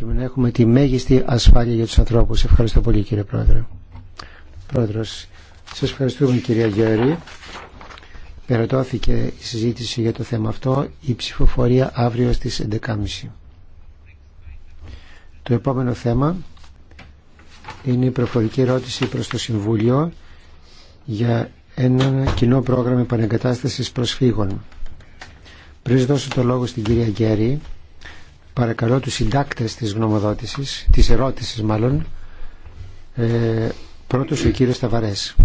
και να έχουμε τη μέγιστη ασφάλεια για τους ανθρώπους. Ευχαριστώ πολύ κύριε Πρόεδρε. Πρόεδρος, σας ευχαριστούμε κυρία Γιώρη. Περατώθηκε η συζήτηση για το θέμα αυτό. Η ψηφοφορία αύριο στις 11.30. Το επόμενο θέμα είναι η προφορική ερώτηση προς το Συμβούλιο για ένα κοινό πρόγραμμα επανεγκατάστασης προσφύγων. Πριν δώσω το λόγο στην κυρία Γκέρι, παρακαλώ τους συντάκτες της γνωμοδότησης, της ερώτησης μάλλον, ε, πρώτος ο κύριος Σταβαρές.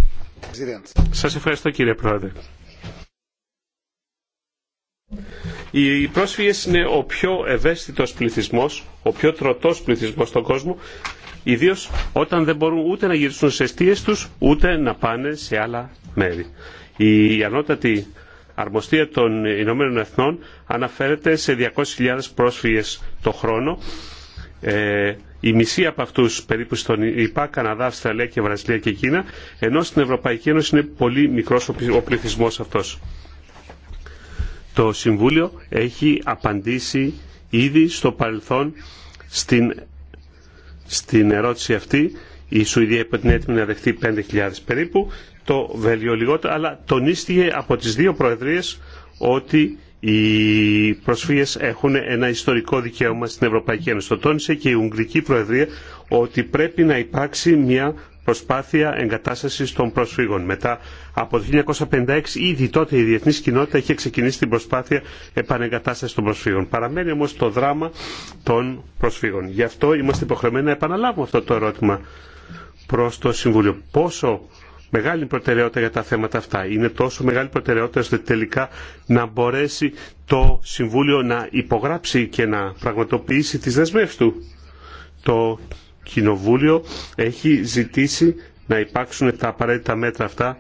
Σας ευχαριστώ κύριε Πρόεδρε. Οι πρόσφυγες είναι ο πιο ευαίσθητος πληθυσμός, ο πιο τροτός πληθυσμός στον κόσμο, ιδίως όταν δεν μπορούν ούτε να γυρίσουν σε αιστείες τους, ούτε να πάνε σε άλλα μέρη. Η ανώτατη αρμοστία των Ηνωμένων Εθνών αναφέρεται σε 200.000 πρόσφυγες το χρόνο. Ε, η μισή από αυτού περίπου στον ΙΠΑ, Καναδά, Αυστραλία και Βραζιλία και Κίνα, ενώ στην Ευρωπαϊκή Ένωση είναι πολύ μικρό ο πληθυσμό αυτό. Το Συμβούλιο έχει απαντήσει ήδη στο παρελθόν στην, στην ερώτηση αυτή. Η Σουηδία είπε ότι είναι έτοιμη να δεχτεί 5.000 περίπου το Βέλγιο λιγότερο, αλλά τονίστηκε από τις δύο προεδρίες ότι οι προσφύγες έχουν ένα ιστορικό δικαίωμα στην Ευρωπαϊκή Ένωση. Το τόνισε και η Ουγγρική Προεδρία ότι πρέπει να υπάρξει μια προσπάθεια εγκατάστασης των προσφύγων. Μετά από το 1956 ήδη τότε η διεθνή κοινότητα είχε ξεκινήσει την προσπάθεια επανεγκατάστασης των προσφύγων. Παραμένει όμως το δράμα των προσφύγων. Γι' αυτό είμαστε υποχρεωμένοι να επαναλάβουμε αυτό το ερώτημα προς το Συμβούλιο. Πόσο μεγάλη προτεραιότητα για τα θέματα αυτά. Είναι τόσο μεγάλη προτεραιότητα ώστε τελικά να μπορέσει το Συμβούλιο να υπογράψει και να πραγματοποιήσει τις δεσμεύσεις του. Το Κοινοβούλιο έχει ζητήσει να υπάρξουν τα απαραίτητα μέτρα αυτά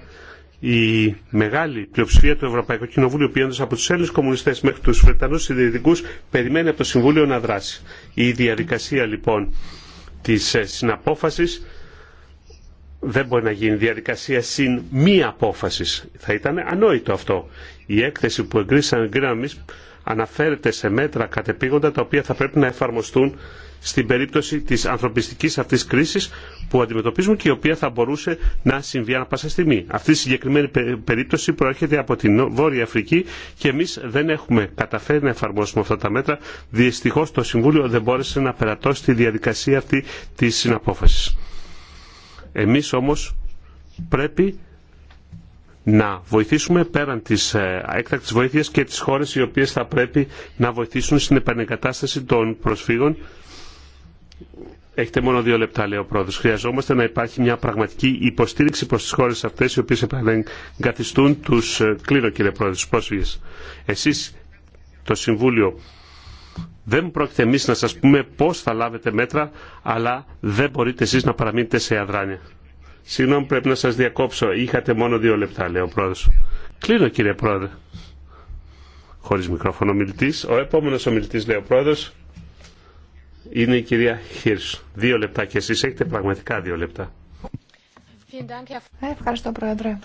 η μεγάλη πλειοψηφία του Ευρωπαϊκού Κοινοβούλου, πηγαίνοντα από του Έλληνε κομμουνιστέ μέχρι του Βρετανού συντηρητικού, περιμένει από το Συμβούλιο να δράσει. Η διαδικασία λοιπόν τη ε, συναπόφαση δεν μπορεί να γίνει διαδικασία συν μη απόφαση. Θα ήταν ανόητο αυτό. Η έκθεση που εγκρίσαν εμεί αναφέρεται σε μέτρα κατεπήγοντα τα οποία θα πρέπει να εφαρμοστούν στην περίπτωση της ανθρωπιστικής αυτής κρίσης που αντιμετωπίζουμε και η οποία θα μπορούσε να συμβεί ανα πάσα στιγμή. Αυτή η συγκεκριμένη περίπτωση προέρχεται από την Βόρεια Αφρική και εμείς δεν έχουμε καταφέρει να εφαρμόσουμε αυτά τα μέτρα. Δυστυχώ το Συμβούλιο δεν μπόρεσε να περατώσει τη διαδικασία αυτή της συναπόφασης. Εμείς όμως πρέπει να βοηθήσουμε πέραν της ε, έκτακτης βοήθειας και τις χώρες οι οποίες θα πρέπει να βοηθήσουν στην επανεγκατάσταση των προσφύγων. Έχετε μόνο δύο λεπτά, λέει ο πρόεδρος. Χρειαζόμαστε να υπάρχει μια πραγματική υποστήριξη προς τις χώρες αυτές οι οποίες επαναγκαθιστούν του ε, κλήρω, κύριε πρόεδρε, του πρόσφυγε. το Συμβούλιο, δεν πρόκειται εμεί να σα πούμε πώ θα λάβετε μέτρα, αλλά δεν μπορείτε εσεί να παραμείνετε σε αδράνεια. Συγγνώμη, πρέπει να σα διακόψω. Είχατε μόνο δύο λεπτά, λέει ο πρόεδρο. Κλείνω, κύριε πρόεδρε. Χωρί μικρόφωνο μιλητή. Ο επόμενο ομιλητή, λέει ο πρόεδρο, είναι η κυρία Χίρς. Δύο λεπτά και εσεί έχετε πραγματικά δύο λεπτά. Ευχαριστώ, πρόεδρε.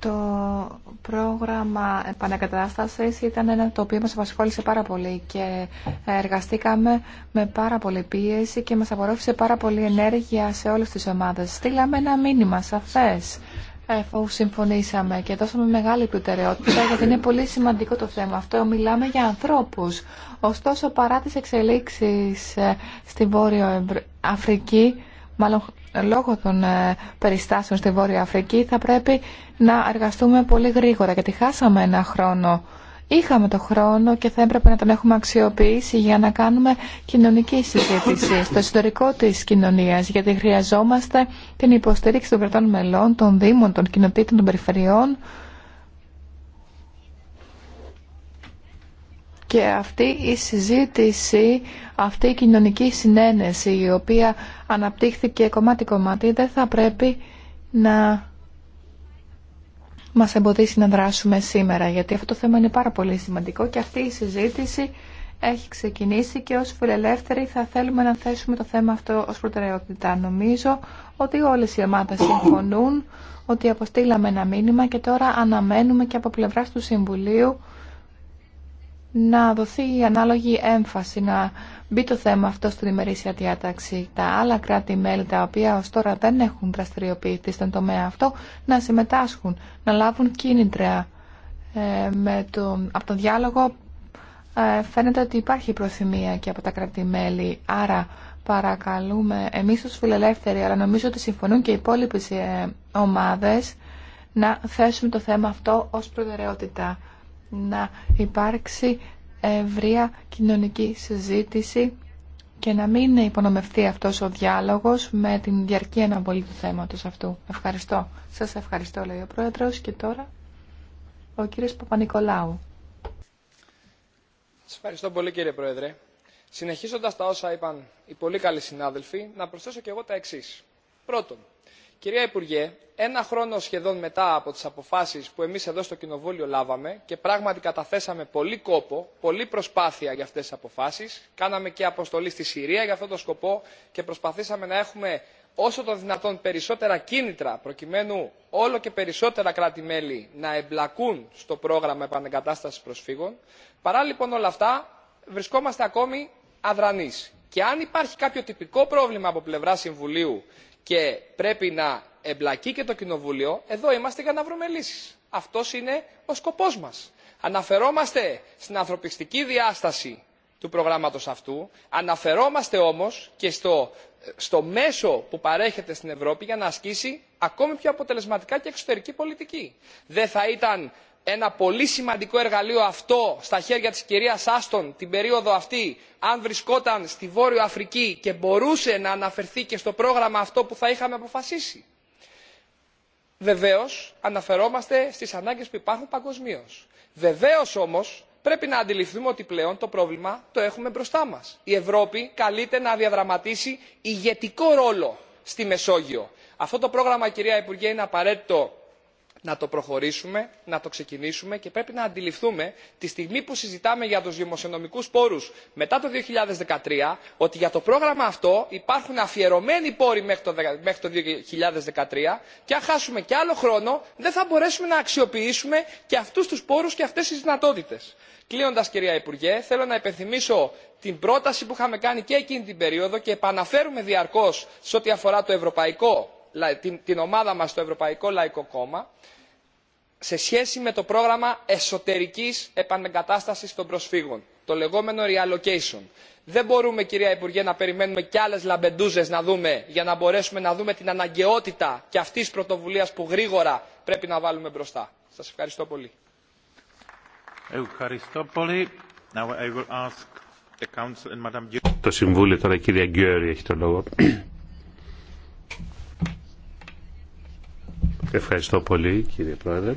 Το πρόγραμμα επανακατάστασης ήταν ένα το οποίο μας απασχόλησε πάρα πολύ και εργαστήκαμε με πάρα πολύ πίεση και μας απορρόφησε πάρα πολύ ενέργεια σε όλες τις ομάδες. Στείλαμε ένα μήνυμα σαφές εφού συμφωνήσαμε και δώσαμε μεγάλη προτεραιότητα γιατί είναι πολύ σημαντικό το θέμα αυτό. Μιλάμε για ανθρώπους. Ωστόσο παρά τις εξελίξεις ε, στη Βόρειο Αφρική, μάλλον λόγω των ε, περιστάσεων στη Βόρεια Αφρική θα πρέπει να εργαστούμε πολύ γρήγορα γιατί χάσαμε ένα χρόνο. Είχαμε το χρόνο και θα έπρεπε να τον έχουμε αξιοποιήσει για να κάνουμε κοινωνική συζήτηση στο ιστορικό της κοινωνίας γιατί χρειαζόμαστε την υποστήριξη των κρατών μελών, των δήμων, των κοινοτήτων, των περιφερειών Και αυτή η συζήτηση, αυτή η κοινωνική συνένεση η οποία αναπτύχθηκε κομμάτι-κομμάτι δεν θα πρέπει να μας εμποδίσει να δράσουμε σήμερα γιατί αυτό το θέμα είναι πάρα πολύ σημαντικό και αυτή η συζήτηση έχει ξεκινήσει και ως φιλελεύθεροι θα θέλουμε να θέσουμε το θέμα αυτό ως προτεραιότητα. Νομίζω ότι όλες οι ομάδες συμφωνούν ότι αποστήλαμε ένα μήνυμα και τώρα αναμένουμε και από πλευράς του Συμβουλίου να δοθεί ανάλογη έμφαση, να μπει το θέμα αυτό στην ημερήσια διάταξη. Τα άλλα κράτη-μέλη τα οποία ως τώρα δεν έχουν δραστηριοποιηθεί στον τομέα αυτό να συμμετάσχουν, να λάβουν κίνητρα. Ε, με από τον διάλογο ε, φαίνεται ότι υπάρχει προθυμία και από τα κράτη-μέλη. Άρα παρακαλούμε εμείς ως φιλελεύθεροι, αλλά νομίζω ότι συμφωνούν και οι υπόλοιπες ε, ομάδες, να θέσουμε το θέμα αυτό ως προτεραιότητα να υπάρξει ευρεία κοινωνική συζήτηση και να μην υπονομευτεί αυτός ο διάλογος με την διαρκή αναβολή του θέματος αυτού. Ευχαριστώ. Σας ευχαριστώ, λέει ο Πρόεδρος. Και τώρα ο κυριος Παπανικολάου. Παπα-Νικολάου. Σας ευχαριστώ πολύ, κύριε Πρόεδρε. Συνεχίζοντας τα όσα είπαν οι πολύ καλοί συνάδελφοι, να προσθέσω και εγώ τα εξής. Πρώτον, Κυρία Υπουργέ, ένα χρόνο σχεδόν μετά από τις αποφάσεις που εμείς εδώ στο Κοινοβούλιο λάβαμε και πράγματι καταθέσαμε πολύ κόπο, πολλή προσπάθεια για αυτές τις αποφάσεις, κάναμε και αποστολή στη Συρία για αυτόν τον σκοπό και προσπαθήσαμε να έχουμε όσο το δυνατόν περισσότερα κίνητρα προκειμένου όλο και περισσότερα κράτη μέλη να εμπλακούν στο πρόγραμμα επανεγκατάστασης προσφύγων παρά λοιπόν όλα αυτά βρισκόμαστε ακόμη αδρανείς. και αν υπάρχει κάποιο τυπικό πρόβλημα από πλευρά συμβουλίου και πρέπει να εμπλακεί και το Κοινοβούλιο, εδώ είμαστε για να βρούμε λύσεις. Αυτό είναι ο σκοπός μας. Αναφερόμαστε στην ανθρωπιστική διάσταση του προγράμματος αυτού, αναφερόμαστε όμως και στο, στο μέσο που παρέχεται στην Ευρώπη για να ασκήσει ακόμη πιο αποτελεσματικά και εξωτερική πολιτική. Δεν θα ήταν ένα πολύ σημαντικό εργαλείο αυτό στα χέρια της κυρίας Άστον την περίοδο αυτή αν βρισκόταν στη Βόρειο Αφρική και μπορούσε να αναφερθεί και στο πρόγραμμα αυτό που θα είχαμε αποφασίσει. Βεβαίως αναφερόμαστε στις ανάγκες που υπάρχουν παγκοσμίω. Βεβαίως όμως πρέπει να αντιληφθούμε ότι πλέον το πρόβλημα το έχουμε μπροστά μας. Η Ευρώπη καλείται να διαδραματίσει ηγετικό ρόλο στη Μεσόγειο. Αυτό το πρόγραμμα κυρία Υπουργέ είναι απαραίτητο να το προχωρήσουμε, να το ξεκινήσουμε και πρέπει να αντιληφθούμε τη στιγμή που συζητάμε για τους δημοσιονομικούς πόρους μετά το 2013 ότι για το πρόγραμμα αυτό υπάρχουν αφιερωμένοι πόροι μέχρι το 2013 και αν χάσουμε και άλλο χρόνο δεν θα μπορέσουμε να αξιοποιήσουμε και αυτούς τους πόρους και αυτές τις δυνατότητες. Κλείνοντας κυρία Υπουργέ, θέλω να υπενθυμίσω την πρόταση που είχαμε κάνει και εκείνη την περίοδο και επαναφέρουμε διαρκώς σε ό,τι αφορά το ευρωπαϊκό την, ομάδα μας στο Ευρωπαϊκό Λαϊκό Κόμμα σε σχέση με το πρόγραμμα εσωτερικής επανεγκατάστασης των προσφύγων, το λεγόμενο reallocation. Δεν μπορούμε, κυρία Υπουργέ, να περιμένουμε κι άλλες λαμπεντούζες να δούμε για να μπορέσουμε να δούμε την αναγκαιότητα και αυτής της πρωτοβουλίας που γρήγορα πρέπει να βάλουμε μπροστά. Σας ευχαριστώ πολύ. Ευχαριστώ πολύ κύριε Πρόεδρε.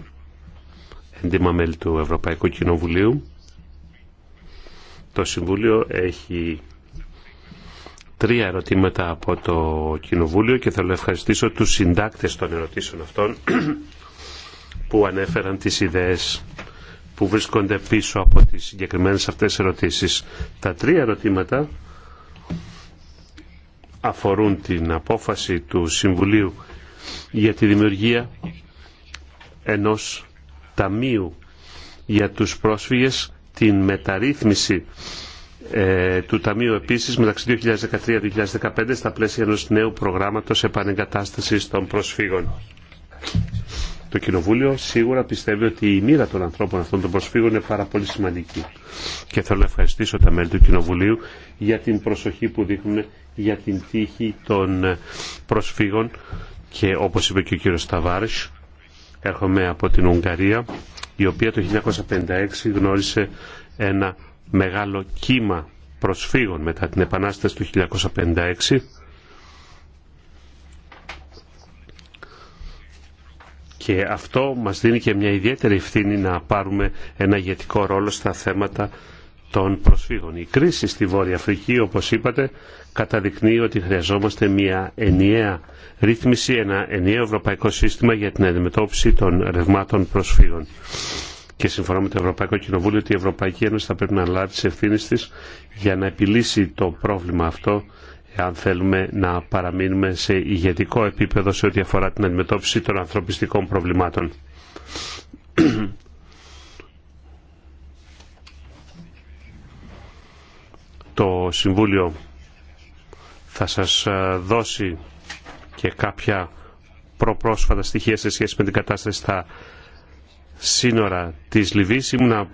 εντύμα μέλη του Ευρωπαϊκού Κοινοβουλίου. Το Συμβούλιο έχει τρία ερωτήματα από το Κοινοβούλιο και θέλω να ευχαριστήσω τους συντάκτες των ερωτήσεων αυτών που ανέφεραν τις ιδέες που βρίσκονται πίσω από τις συγκεκριμένες αυτές ερωτήσεις. Τα τρία ερωτήματα αφορούν την απόφαση του Συμβουλίου για τη δημιουργία ενός ταμείου για τους πρόσφυγες, την μεταρρύθμιση ε, του Ταμείου επίσης μεταξύ 2013-2015 στα πλαίσια ενός νέου προγράμματος επανεγκατάστασης των προσφύγων. Το Κοινοβούλιο σίγουρα πιστεύει ότι η μοίρα των ανθρώπων αυτών των προσφύγων είναι πάρα πολύ σημαντική. Και θέλω να ευχαριστήσω τα μέλη του Κοινοβουλίου για την προσοχή που δείχνουν για την τύχη των προσφύγων και όπως είπε και ο κύριος Σταβάρης, έρχομαι από την Ουγγαρία, η οποία το 1956 γνώρισε ένα μεγάλο κύμα προσφύγων μετά την Επανάσταση του 1956 και αυτό μας δίνει και μια ιδιαίτερη ευθύνη να πάρουμε ένα ηγετικό ρόλο στα θέματα των προσφύγων. Η κρίση στη Βόρεια Αφρική, όπως είπατε, καταδεικνύει ότι χρειαζόμαστε μια ενιαία ρύθμιση, ένα ενιαίο ευρωπαϊκό σύστημα για την αντιμετώπιση των ρευμάτων προσφύγων. Και συμφωνώ με το Ευρωπαϊκό Κοινοβούλιο ότι η Ευρωπαϊκή Ένωση θα πρέπει να λάβει τις ευθύνες τη για να επιλύσει το πρόβλημα αυτό, αν θέλουμε να παραμείνουμε σε ηγετικό επίπεδο σε ό,τι αφορά την αντιμετώπιση των ανθρωπιστικών προβλημάτων. το Συμβούλιο θα σας ε, δώσει και κάποια προπρόσφατα στοιχεία σε σχέση με την κατάσταση στα σύνορα της Λιβύης. Ήμουνα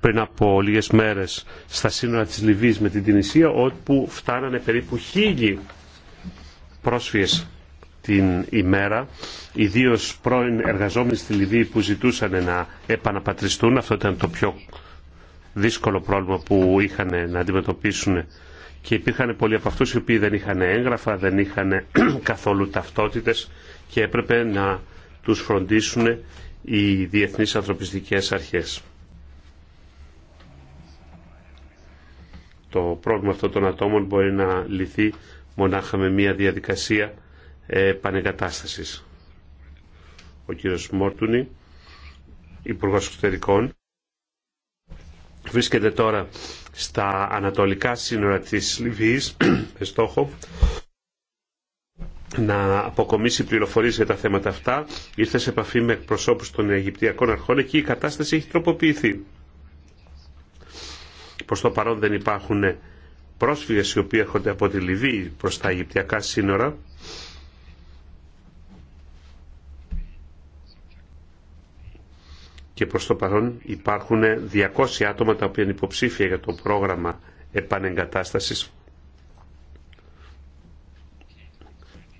πριν από λίγες μέρες στα σύνορα της Λιβύης με την Τινησία όπου φτάνανε περίπου χίλιοι πρόσφυγες την ημέρα, ιδίω πρώην εργαζόμενοι στη Λιβύη που ζητούσαν να επαναπατριστούν, αυτό ήταν το πιο δύσκολο πρόβλημα που είχαν να αντιμετωπίσουν και υπήρχαν πολλοί από αυτούς οι οποίοι δεν είχαν έγγραφα, δεν είχαν καθόλου ταυτότητες και έπρεπε να τους φροντίσουν οι διεθνείς ανθρωπιστικές αρχές. Το πρόβλημα αυτό των ατόμων μπορεί να λυθεί μονάχα με μια διαδικασία ε, πανεγκατάστασης. Ο κύριος Μόρτουνη, Υπουργός Εξωτερικών, βρίσκεται τώρα στα ανατολικά σύνορα της Λιβύης με στόχο να αποκομίσει πληροφορίες για τα θέματα αυτά. Ήρθε σε επαφή με προσώπους των Αιγυπτιακών αρχών και η κατάσταση έχει τροποποιηθεί. Προς το παρόν δεν υπάρχουν πρόσφυγες οι οποίοι έρχονται από τη Λιβύη προς τα Αιγυπτιακά σύνορα και προς το παρόν υπάρχουν 200 άτομα τα οποία είναι υποψήφια για το πρόγραμμα επανεγκατάστασης.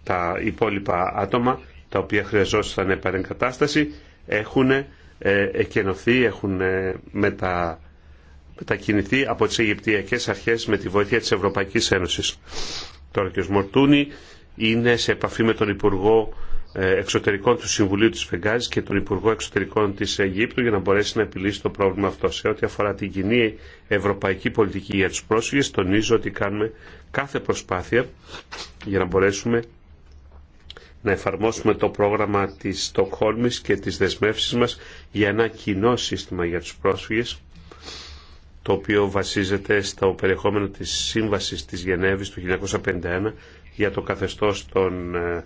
Τα υπόλοιπα άτομα τα οποία χρειαζόταν επανεγκατάσταση έχουν ε, εκενωθεί, έχουν ε, μετα... μετακινηθεί από τις Αιγυπτιακές Αρχές με τη βοήθεια της Ευρωπαϊκής Ένωσης. Τώρα και ο Σμορτούνη είναι σε επαφή με τον Υπουργό ε, εξωτερικών του Συμβουλίου της Φεγγάζης και τον Υπουργό Εξωτερικών της Αιγύπτου για να μπορέσει να επιλύσει το πρόβλημα αυτό. Σε ό,τι αφορά την κοινή ευρωπαϊκή πολιτική για τους πρόσφυγες, τονίζω ότι κάνουμε κάθε προσπάθεια για να μπορέσουμε να εφαρμόσουμε το πρόγραμμα της Στοκχόλμης και της δεσμεύσης μας για ένα κοινό σύστημα για τους πρόσφυγες το οποίο βασίζεται στο περιεχόμενο της Σύμβασης της Γενέβης του 1951 για το καθεστώς των ε,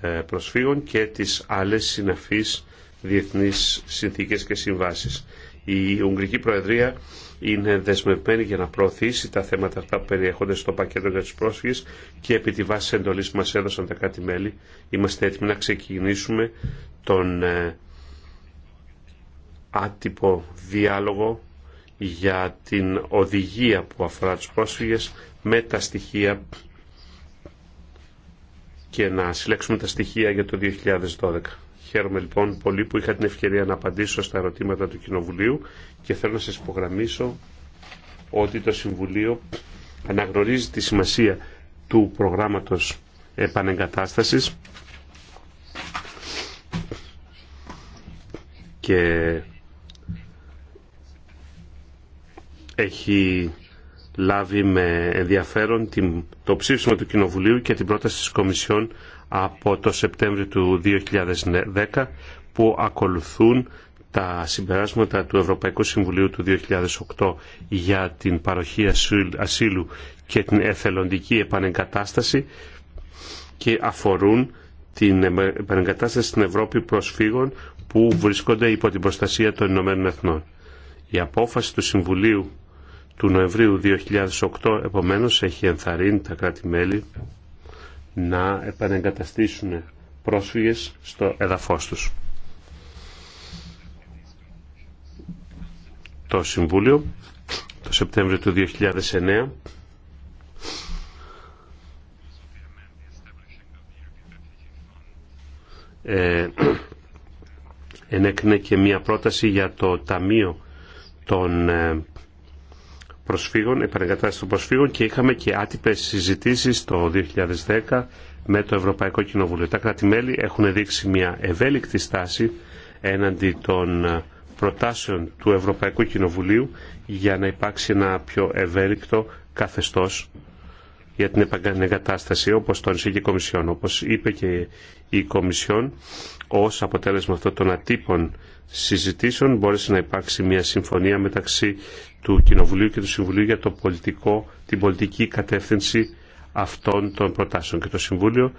ε, προσφύγων και τις άλλες συναφείς διεθνείς συνθήκες και συμβάσεις. Η Ουγγρική Προεδρία είναι δεσμευμένη για να προωθήσει τα θέματα αυτά που περιέχονται στο πακέτο για τους πρόσφυγες και επί τη βάση εντολής που μας έδωσαν τα κάτι μέλη είμαστε έτοιμοι να ξεκινήσουμε τον ε, άτυπο διάλογο για την οδηγία που αφορά τους πρόσφυγες με τα στοιχεία και να συλλέξουμε τα στοιχεία για το 2012. Χαίρομαι λοιπόν πολύ που είχα την ευκαιρία να απαντήσω στα ερωτήματα του Κοινοβουλίου και θέλω να σας υπογραμμίσω ότι το Συμβουλίο αναγνωρίζει τη σημασία του προγράμματος επανεγκατάστασης και έχει λάβει με ενδιαφέρον το ψήφισμα του Κοινοβουλίου και την πρόταση της Κομισιόν από το Σεπτέμβριο του 2010 που ακολουθούν τα συμπεράσματα του Ευρωπαϊκού Συμβουλίου του 2008 για την παροχή ασύλου και την εθελοντική επανεγκατάσταση και αφορούν την επανεγκατάσταση στην Ευρώπη προσφύγων που βρισκόνται υπό την προστασία των Ηνωμένων Εθνών. Η απόφαση του Συμβουλίου του Νοεμβρίου 2008 επομένως έχει ενθαρρύνει τα κράτη-μέλη να επανεγκαταστήσουν πρόσφυγες στο εδαφός τους. Το Συμβούλιο το Σεπτέμβριο του 2009 ε, ενέκρινε και μία πρόταση για το Ταμείο των ε, προσφύγων, επανεγκατάσταση των προσφύγων και είχαμε και άτυπε συζητήσει το 2010 με το Ευρωπαϊκό Κοινοβούλιο. Τα κράτη-μέλη έχουν δείξει μια ευέλικτη στάση έναντι των ε, προτάσεων του Ευρωπαϊκού Κοινοβουλίου για να υπάρξει ένα πιο ευέλικτο καθεστώς για την επαγκατάσταση όπως τόνισε και η Κομισιόν. Όπως είπε και η Κομισιόν, ως αποτέλεσμα αυτών των ατύπων συζητήσεων μπόρεσε να υπάρξει μια συμφωνία μεταξύ του Κοινοβουλίου και του Συμβουλίου για το πολιτικό, την πολιτική κατεύθυνση αυτών των προτάσεων. Και το Συμβούλιο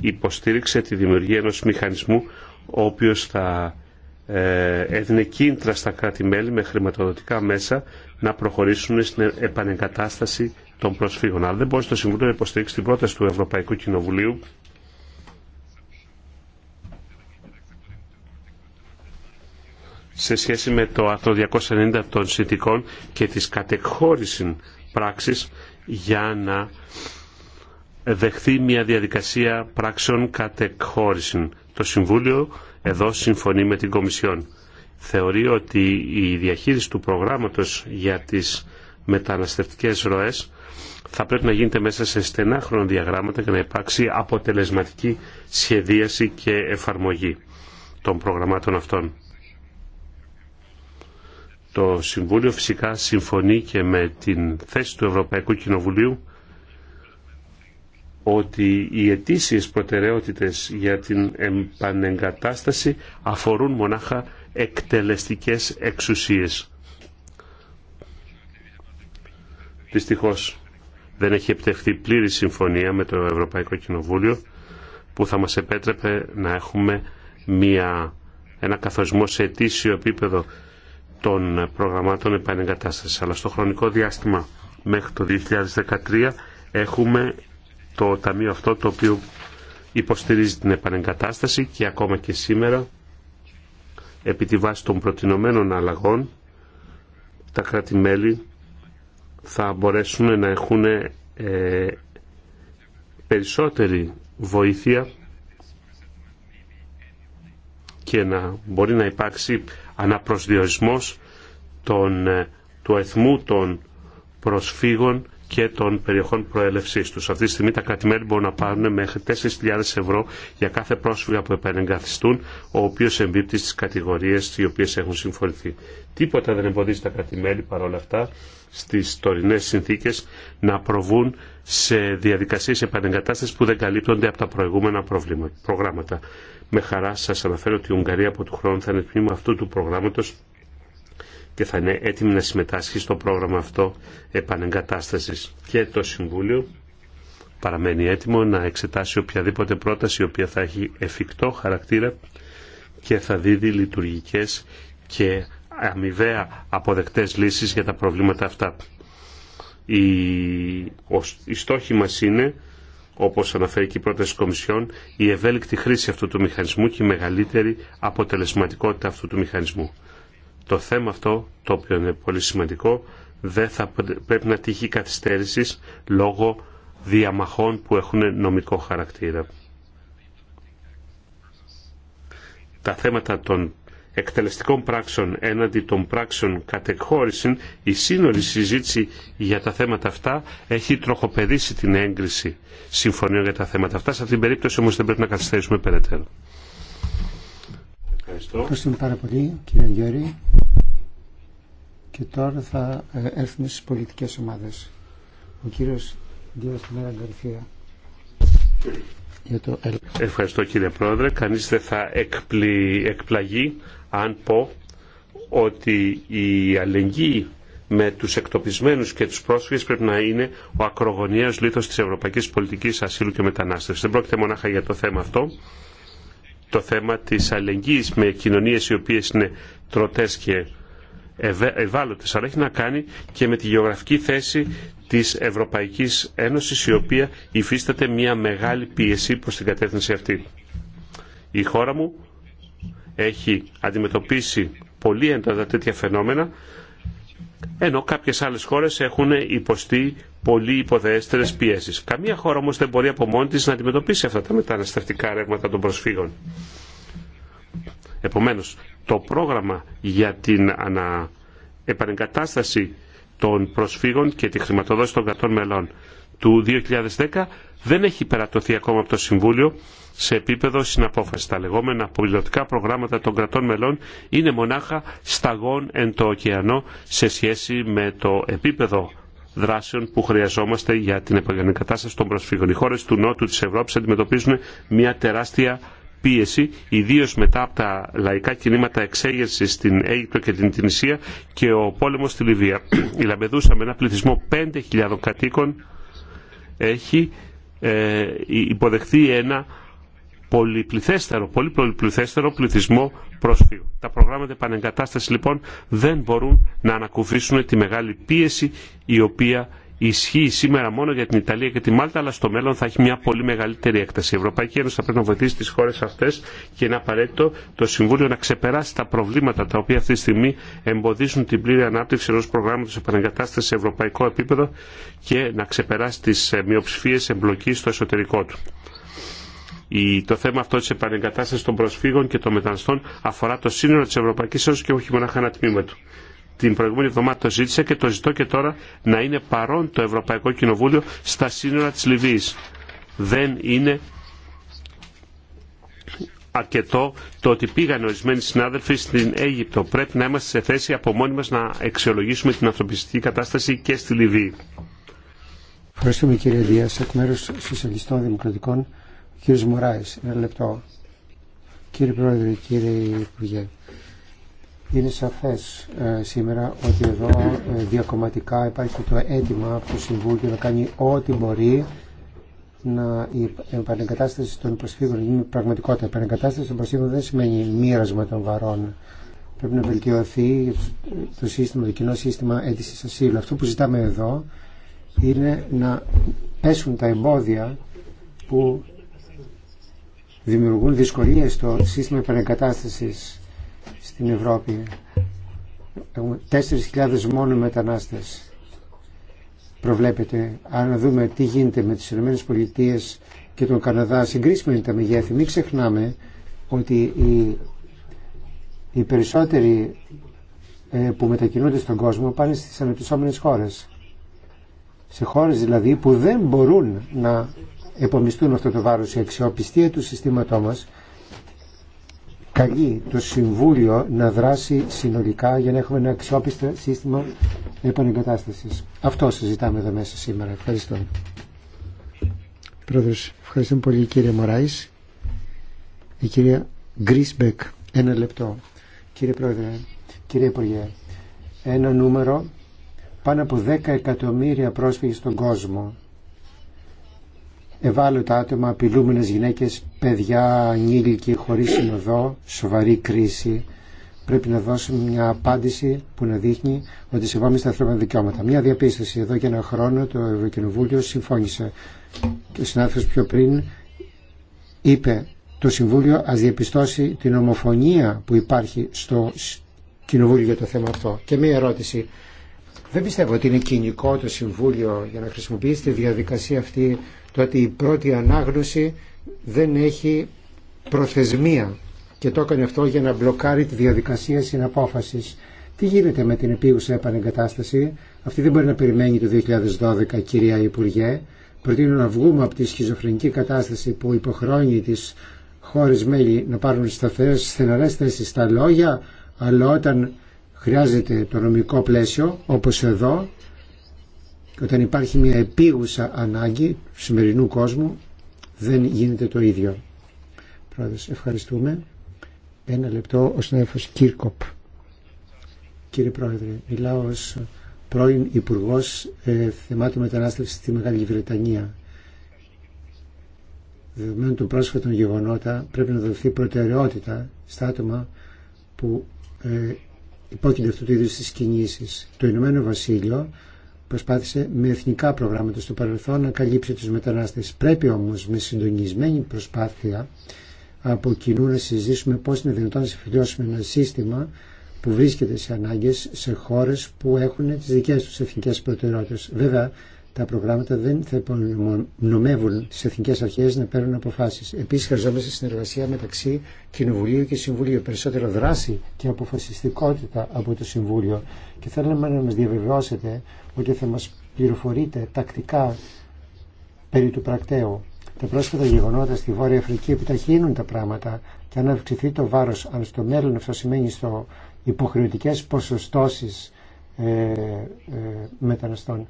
υποστήριξε τη δημιουργία ενός μηχανισμού ο οποίος θα ε, έδινε κίνητρα στα κράτη-μέλη με χρηματοδοτικά μέσα να προχωρήσουν στην επανεγκατάσταση των προσφύγων. Αλλά δεν μπορεί το Συμβούλιο να υποστηρίξει την πρόταση του Ευρωπαϊκού Κοινοβουλίου σε σχέση με το άρθρο 290 των συνθηκών και τις κατεχώρηση πράξεις για να δεχθεί μια διαδικασία πράξεων κατεχώρηση. Το Συμβούλιο εδώ συμφωνεί με την Κομισιόν θεωρεί ότι η διαχείριση του προγράμματος για τις μεταναστευτικές ροές θα πρέπει να γίνεται μέσα σε στενά χρονοδιαγράμματα και να υπάρξει αποτελεσματική σχεδίαση και εφαρμογή των προγραμμάτων αυτών. Το Συμβούλιο φυσικά συμφωνεί και με την θέση του Ευρωπαϊκού Κοινοβουλίου ότι οι αιτήσιες προτεραιότητες για την επανεγκατάσταση αφορούν μονάχα εκτελεστικές εξουσίες. Δυστυχώς δεν έχει επιτευχθεί πλήρη συμφωνία με το Ευρωπαϊκό Κοινοβούλιο που θα μας επέτρεπε να έχουμε μια, ένα καθορισμό σε αιτήσιο επίπεδο των προγραμμάτων επανεγκατάστασης. Αλλά στο χρονικό διάστημα μέχρι το 2013 έχουμε το ταμείο αυτό το οποίο υποστηρίζει την επανεγκατάσταση και ακόμα και σήμερα επί τη βάση των προτινομένων αλλαγών τα κράτη-μέλη θα μπορέσουν να έχουν ε, περισσότερη βοήθεια και να μπορεί να υπάρξει αναπροσδιορισμός των, ε, του αριθμού των προσφύγων και των περιοχών προέλευσή του. Αυτή τη στιγμή τα κρατημέλη μπορούν να πάρουν μέχρι 4.000 ευρώ για κάθε πρόσφυγα που επανεγκαθιστούν, ο οποίο εμπίπτει στι κατηγορίε οι οποίε έχουν συμφωνηθεί. Τίποτα δεν εμποδίζει τα κρατημέλη παρόλα αυτά στι τωρινέ συνθήκε να προβούν σε διαδικασίε επανεγκατάσταση που δεν καλύπτονται από τα προηγούμενα προγράμματα. Με χαρά σα αναφέρω ότι η Ουγγαρία από του χρόνου θα είναι τμήμα αυτού του προγράμματο και θα είναι έτοιμη να συμμετάσχει στο πρόγραμμα αυτό επανεγκατάστασης. Και το Συμβούλιο παραμένει έτοιμο να εξετάσει οποιαδήποτε πρόταση η οποία θα έχει εφικτό χαρακτήρα και θα δίδει λειτουργικές και αμοιβαία αποδεκτές λύσεις για τα προβλήματα αυτά. Η, η στόχη μας είναι, όπως αναφέρει και η πρόταση της Κομισιόν, η ευέλικτη χρήση αυτού του μηχανισμού και η μεγαλύτερη αποτελεσματικότητα αυτού του μηχανισμού το θέμα αυτό, το οποίο είναι πολύ σημαντικό, δεν θα πρέπει να τύχει καθυστέρησης λόγω διαμαχών που έχουν νομικό χαρακτήρα. Τα θέματα των εκτελεστικών πράξεων έναντι των πράξεων κατεχώρηση, η σύνολη συζήτηση για τα θέματα αυτά έχει τροχοπεδίσει την έγκριση συμφωνίων για τα θέματα αυτά. Σε αυτήν την περίπτωση όμως δεν πρέπει να καθυστερήσουμε περαιτέρω. Ευχαριστώ. Ευχαριστούμε πάρα πολύ κύριε Γιώργη Και τώρα θα ε, έρθουμε στι πολιτικέ ομάδες. Ο κύριος Δίας Μέρα Γκαρφία. Το... Ευχαριστώ κύριε Πρόεδρε. Κανείς δεν θα εκπλη... εκπλαγεί αν πω ότι η αλληλεγγύη με τους εκτοπισμένους και τους πρόσφυγες πρέπει να είναι ο ακρογωνιαίος λίθος της ευρωπαϊκής πολιτικής ασύλου και μετανάστευσης. Δεν πρόκειται μονάχα για το θέμα αυτό, το θέμα της αλληλεγγύης με κοινωνίες οι οποίες είναι τροτές και ευάλωτες, αλλά έχει να κάνει και με τη γεωγραφική θέση της Ευρωπαϊκής Ένωσης, η οποία υφίσταται μια μεγάλη πίεση προς την κατεύθυνση αυτή. Η χώρα μου έχει αντιμετωπίσει πολύ έντονα τέτοια φαινόμενα, ενώ κάποιες άλλες χώρες έχουν υποστεί πολύ υποδέστερες πιέσεις. Καμία χώρα όμως δεν μπορεί από μόνη της να αντιμετωπίσει αυτά τα μεταναστευτικά ρεύματα των προσφύγων. Επομένως, το πρόγραμμα για την ανα... επανεγκατάσταση των προσφύγων και τη χρηματοδότηση των κρατών μελών του 2010 δεν έχει περατωθεί ακόμα από το Συμβούλιο σε επίπεδο συναπόφαση. Τα λεγόμενα πολιτικά προγράμματα των κρατών μελών είναι μονάχα σταγόν εν το ωκεανό σε σχέση με το επίπεδο δράσεων που χρειαζόμαστε για την επαγγελματικατάσταση των προσφύγων. Οι χώρε του Νότου τη Ευρώπη αντιμετωπίζουν μια τεράστια πίεση, ιδίω μετά από τα λαϊκά κινήματα εξέγερση στην Αίγυπτο και την Τινησία και ο πόλεμο στη Λιβύα. Η Λαμπεδούσα με ένα πληθυσμό 5.000 κατοίκων έχει ε, υποδεχθεί ένα πολυπληθέστερο, πολύ πολυπληθέστερο πληθυσμό προσφύγων. Τα προγράμματα επανεγκατάσταση λοιπόν δεν μπορούν να ανακουφίσουν τη μεγάλη πίεση η οποία ισχύει σήμερα μόνο για την Ιταλία και τη Μάλτα, αλλά στο μέλλον θα έχει μια πολύ μεγαλύτερη έκταση. Η Ευρωπαϊκή Ένωση θα πρέπει να βοηθήσει τι χώρε αυτέ και είναι απαραίτητο το Συμβούλιο να ξεπεράσει τα προβλήματα τα οποία αυτή τη στιγμή εμποδίζουν την πλήρη ανάπτυξη ενό προγράμματο επανεγκατάσταση σε ευρωπαϊκό επίπεδο και να ξεπεράσει τι ε, μειοψηφίε εμπλοκή στο εσωτερικό του. Το θέμα αυτό τη επανεγκατάσταση των προσφύγων και των μεταναστών αφορά το σύνολο τη Ευρωπαϊκή Ένωση και όχι μονάχα ένα τμήμα του την προηγούμενη εβδομάδα το ζήτησα και το ζητώ και τώρα να είναι παρόν το Ευρωπαϊκό Κοινοβούλιο στα σύνορα της Λιβύης. Δεν είναι αρκετό το ότι πήγαν ορισμένοι συνάδελφοι στην Αίγυπτο. Πρέπει να είμαστε σε θέση από μόνοι μας να αξιολογήσουμε την ανθρωπιστική κατάσταση και στη Λιβύη. Ευχαριστούμε κύριε Εκ Σοσιαλιστών Δημοκρατικών, λεπτό. Κύριε Πρόεδρε, κύριε Υπουργέ. Είναι σαφές ε, σήμερα ότι εδώ ε, διακομματικά υπάρχει το αίτημα από το Συμβούλιο να κάνει ό,τι μπορεί να η επανεγκατάσταση των προσφύγων γίνει πραγματικότητα. Η επανεγκατάσταση των προσφύγων δεν σημαίνει μοίρασμα των βαρών. Πρέπει να βελτιωθεί το, σύστημα, το κοινό σύστημα αίτησης ασύλου. Αυτό που ζητάμε εδώ είναι να πέσουν τα εμπόδια που δημιουργούν δυσκολίες στο σύστημα επανεγκατάστασης στην Ευρώπη. Έχουμε 4.000 μόνο μετανάστες προβλέπετε. Αν δούμε τι γίνεται με τις ΗΠΑ και τον Καναδά, συγκρίσιμα είναι τα μεγέθη. Μην ξεχνάμε ότι οι, οι περισσότεροι ε, που μετακινούνται στον κόσμο πάνε στις αναπτυσσόμενες χώρες. Σε χώρες δηλαδή που δεν μπορούν να επομιστούν αυτό το βάρος η αξιοπιστία του συστήματός μας καλεί το Συμβούλιο να δράσει συνολικά για να έχουμε ένα αξιόπιστο σύστημα επανεγκατάστασης. Αυτό συζητάμε εδώ μέσα σήμερα. Ευχαριστώ. Πρόεδρος, ευχαριστούμε πολύ κύριε Μωράης. Η κυρία Γκρίσμπεκ, ένα λεπτό. Κύριε Πρόεδρε, κύριε Υπουργέ, ένα νούμερο πάνω από 10 εκατομμύρια πρόσφυγες στον κόσμο ευάλωτα άτομα, απειλούμενες γυναίκες, παιδιά, ανήλικοι, χωρίς συνοδό, σοβαρή κρίση. Πρέπει να δώσουμε μια απάντηση που να δείχνει ότι σεβόμαστε ανθρώπινα δικαιώματα. Μια διαπίστωση. Εδώ και ένα χρόνο το Ευρωκοινοβούλιο συμφώνησε. Και ο συνάδελφος πιο πριν είπε το Συμβούλιο ας διαπιστώσει την ομοφωνία που υπάρχει στο Κοινοβούλιο για το θέμα αυτό. Και μια ερώτηση. Δεν πιστεύω ότι είναι κοινικό το Συμβούλιο για να χρησιμοποιήσει τη διαδικασία αυτή το ότι η πρώτη ανάγνωση δεν έχει προθεσμία και το έκανε αυτό για να μπλοκάρει τη διαδικασία συναπόφασης. Τι γίνεται με την επίγουσα επανεγκατάσταση, αυτή δεν μπορεί να περιμένει το 2012 κυρία Υπουργέ. Προτείνω να βγούμε από τη σχιζοφρενική κατάσταση που υποχρώνει τις χώρες μέλη να πάρουν σταθερές, στεναρές θέσεις στα λόγια, αλλά όταν Χρειάζεται το νομικό πλαίσιο, όπως εδώ, όταν υπάρχει μια επίγουσα ανάγκη του σημερινού κόσμου, δεν γίνεται το ίδιο. Πρόεδρος, ευχαριστούμε. Ένα λεπτό ο συνάδελφος Κίρκοπ. Κύριε Πρόεδρε, μιλάω ως πρώην Υπουργό ε, Θεμάτων Μετανάστευση στη Μεγάλη Βρετανία. Δεδομένου των πρόσφατων γεγονότα, πρέπει να δοθεί προτεραιότητα στα άτομα που ε, υπόκεινται αυτού του είδου τι κινήσει. Το Ηνωμένο Βασίλειο προσπάθησε με εθνικά προγράμματα στο παρελθόν να καλύψει του μετανάστε. Πρέπει όμω με συντονισμένη προσπάθεια από κοινού να συζητήσουμε πώ είναι δυνατόν να συμφιλειώσουμε ένα σύστημα που βρίσκεται σε ανάγκε σε χώρε που έχουν τι δικέ του εθνικέ προτεραιότητε. Βέβαια, τα προγράμματα δεν θα υπονομεύουν τι εθνικέ αρχέ να παίρνουν αποφάσει. Επίση, χρειαζόμαστε συνεργασία μεταξύ Κοινοβουλίου και Συμβουλίου. Περισσότερο δράση και αποφασιστικότητα από το Συμβούλιο. Και θέλουμε να μα διαβεβαιώσετε ότι θα μα πληροφορείτε τακτικά περί του πρακτέου. Τα πρόσφατα γεγονότα στη Βόρεια Αφρική επιταχύνουν τα πράγματα και αν αυξηθεί το βάρο, αν στο μέλλον αυτό σημαίνει στο υποχρεωτικέ ποσοστώσει ε, ε, μεταναστών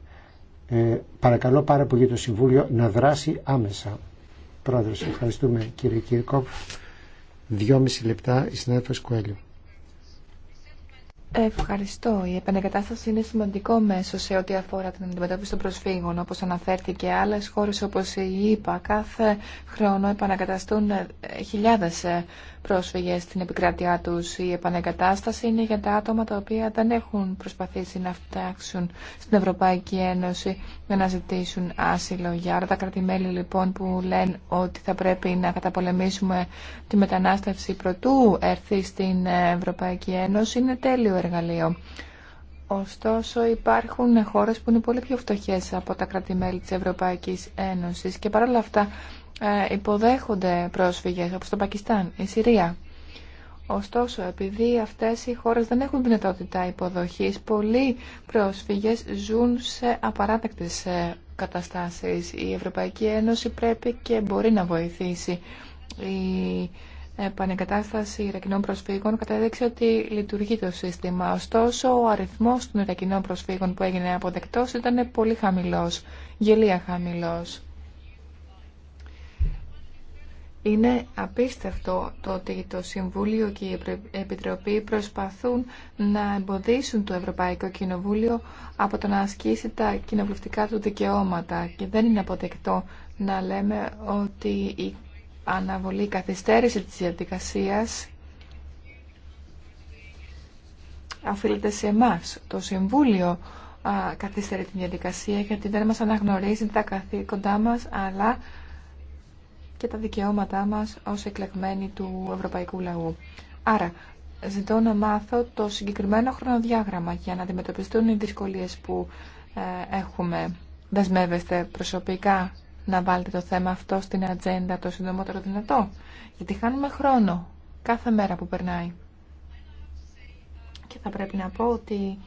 ε, παρακαλώ πάρα πολύ το Συμβούλιο να δράσει άμεσα. Πρόεδρος, ευχαριστούμε κύριε Δυό Δυόμιση λεπτά η συνάδελφος Κουέλιο. Ευχαριστώ. Η επανακατάσταση είναι σημαντικό μέσο σε ό,τι αφορά την αντιμετώπιση των προσφύγων. Όπως αναφέρθηκε, άλλες χώρες όπως η κάθε χρόνο επανακαταστούν ε, χιλιάδε. Ε, πρόσφυγες στην επικράτειά τους. Η επανεγκατάσταση είναι για τα άτομα τα οποία δεν έχουν προσπαθήσει να φτάξουν στην Ευρωπαϊκή Ένωση για να ζητήσουν άσυλο. Για άρα τα κρατημέλη λοιπόν που λένε ότι θα πρέπει να καταπολεμήσουμε τη μετανάστευση προτού έρθει στην Ευρωπαϊκή Ένωση είναι τέλειο εργαλείο. Ωστόσο υπάρχουν χώρες που είναι πολύ πιο φτωχές από τα κρατημέλη της Ευρωπαϊκής Ένωσης και παρόλα αυτά ε, υποδέχονται πρόσφυγες όπως το Πακιστάν, η Συρία. Ωστόσο, επειδή αυτές οι χώρες δεν έχουν δυνατότητα υποδοχής, πολλοί πρόσφυγες ζουν σε απαράδεκτες ε, καταστάσεις. Η Ευρωπαϊκή Ένωση πρέπει και μπορεί να βοηθήσει. Η επανεκατάσταση Ιρακινών προσφύγων κατέδειξε ότι λειτουργεί το σύστημα. Ωστόσο, ο αριθμός των Ιρακινών προσφύγων που έγινε αποδεκτός ήταν πολύ χαμηλός, γελία χαμηλός. Είναι απίστευτο το ότι το Συμβούλιο και η Επιτροπή προσπαθούν να εμποδίσουν το Ευρωπαϊκό Κοινοβούλιο από το να ασκήσει τα κοινοβουλευτικά του δικαιώματα και δεν είναι αποτεκτό να λέμε ότι η αναβολή, η καθυστέρηση της διαδικασίας αφήνεται σε εμά. Το Συμβούλιο καθυστερεί την διαδικασία γιατί δεν μας αναγνωρίζει τα καθήκοντά μας αλλά και τα δικαιώματά μας ως εκλεγμένοι του Ευρωπαϊκού Λαού. Άρα, ζητώ να μάθω το συγκεκριμένο χρονοδιάγραμμα για να αντιμετωπιστούν οι δυσκολίες που ε, έχουμε. Δεσμεύεστε προσωπικά να βάλετε το θέμα αυτό στην ατζέντα το συντομότερο δυνατό, γιατί χάνουμε χρόνο κάθε μέρα που περνάει. Και θα πρέπει να πω ότι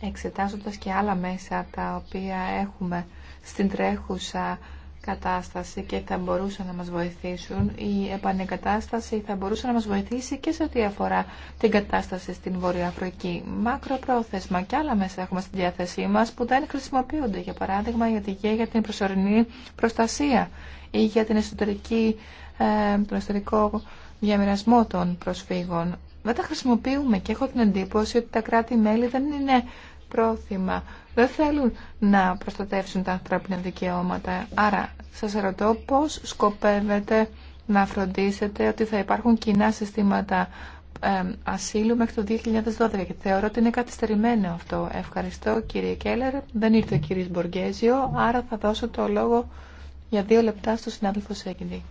εξετάζοντας και άλλα μέσα τα οποία έχουμε στην τρέχουσα κατάσταση και θα μπορούσαν να μας βοηθήσουν. Η επανεκατάσταση θα μπορούσε να μας βοηθήσει και σε ό,τι αφορά την κατάσταση στην Βόρεια Αφρική. Μακροπρόθεσμα και άλλα μέσα έχουμε στη διάθεσή μας που δεν χρησιμοποιούνται. Για παράδειγμα, για την προσωρινή προστασία ή για την εσωτερική, ε, τον εσωτερικό διαμοιρασμό των προσφύγων. Δεν τα χρησιμοποιούμε και έχω την εντύπωση ότι τα κράτη-μέλη δεν είναι πρόθυμα δεν θέλουν να προστατεύσουν τα ανθρώπινα δικαιώματα. Άρα, σας ρωτώ πώς σκοπεύετε να φροντίσετε ότι θα υπάρχουν κοινά συστήματα ασύλου μέχρι το 2012. Και Θεωρώ ότι είναι καθυστερημένο αυτό. Ευχαριστώ κύριε Κέλλερ. Δεν ήρθε ο κύριος Μποργέζιο, άρα θα δώσω το λόγο για δύο λεπτά στον συνάδελφο Σέγγιντι.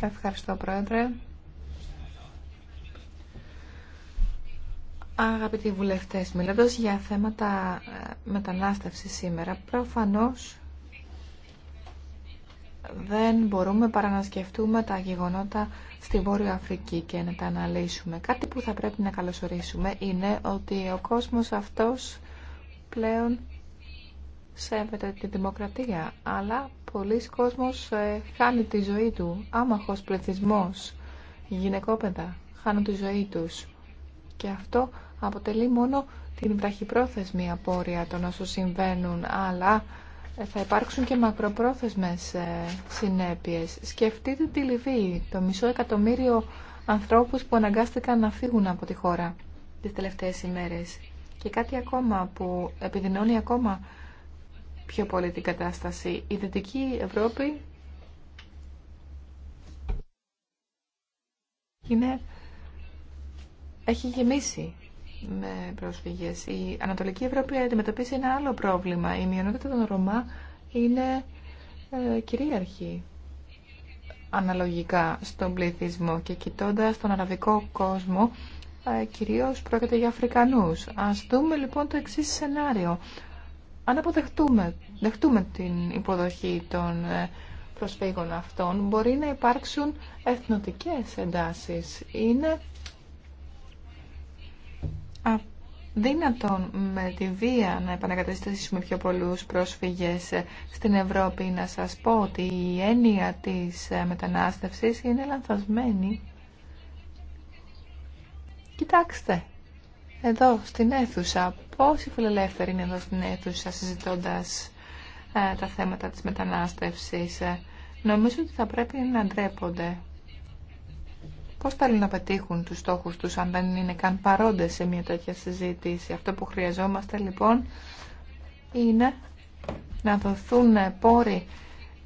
Ευχαριστώ πρόεδρε. Αγαπητοί βουλευτές, μιλώντας για θέματα ε, μετανάστευσης σήμερα, προφανώς δεν μπορούμε παρά να σκεφτούμε τα γεγονότα στη Βόρεια Αφρική και να τα αναλύσουμε. Κάτι που θα πρέπει να καλωσορίσουμε είναι ότι ο κόσμος αυτός πλέον σέβεται τη δημοκρατία, αλλά πολλοί κόσμος ε, χάνει τη ζωή του, άμαχος πληθυσμός, γυναικόπαιδα χάνουν τη ζωή τους. Και αυτό αποτελεί μόνο την βραχυπρόθεσμη απόρρια των όσων συμβαίνουν, αλλά θα υπάρξουν και μακροπρόθεσμες ε, συνέπειες. Σκεφτείτε τη Λιβύη, το μισό εκατομμύριο ανθρώπους που αναγκάστηκαν να φύγουν από τη χώρα τις τελευταίες ημέρες. Και κάτι ακόμα που επιδεινώνει ακόμα πιο πολύ την κατάσταση. Η Δυτική Ευρώπη είναι έχει γεμίσει με πρόσφυγες. Η Ανατολική Ευρώπη αντιμετωπίζει ένα άλλο πρόβλημα. Η μειονότητα των Ρωμά είναι ε, κυρίαρχη αναλογικά στον πληθυσμό και κοιτώντας τον αραβικό κόσμο ε, κυρίως πρόκειται για Αφρικανούς. Ας δούμε λοιπόν το εξής σενάριο. Αν αποδεχτούμε δεχτούμε την υποδοχή των ε, προσφύγων αυτών μπορεί να υπάρξουν εθνοτικές εντάσεις. Είναι αδύνατον με τη βία να επανακαταστήσουμε πιο πολλούς πρόσφυγες στην Ευρώπη. Να σας πω ότι η έννοια της μετανάστευσης είναι λανθασμένη. Κοιτάξτε, εδώ στην αίθουσα, πόσοι φιλελεύθεροι είναι εδώ στην αίθουσα συζητώντας ε, τα θέματα της μετανάστευσης. Ε, νομίζω ότι θα πρέπει να ντρέπονται. Πώς πάλι να πετύχουν τους στόχους τους αν δεν είναι καν παρόντες σε μια τέτοια συζήτηση. Αυτό που χρειαζόμαστε λοιπόν είναι να δοθούν πόροι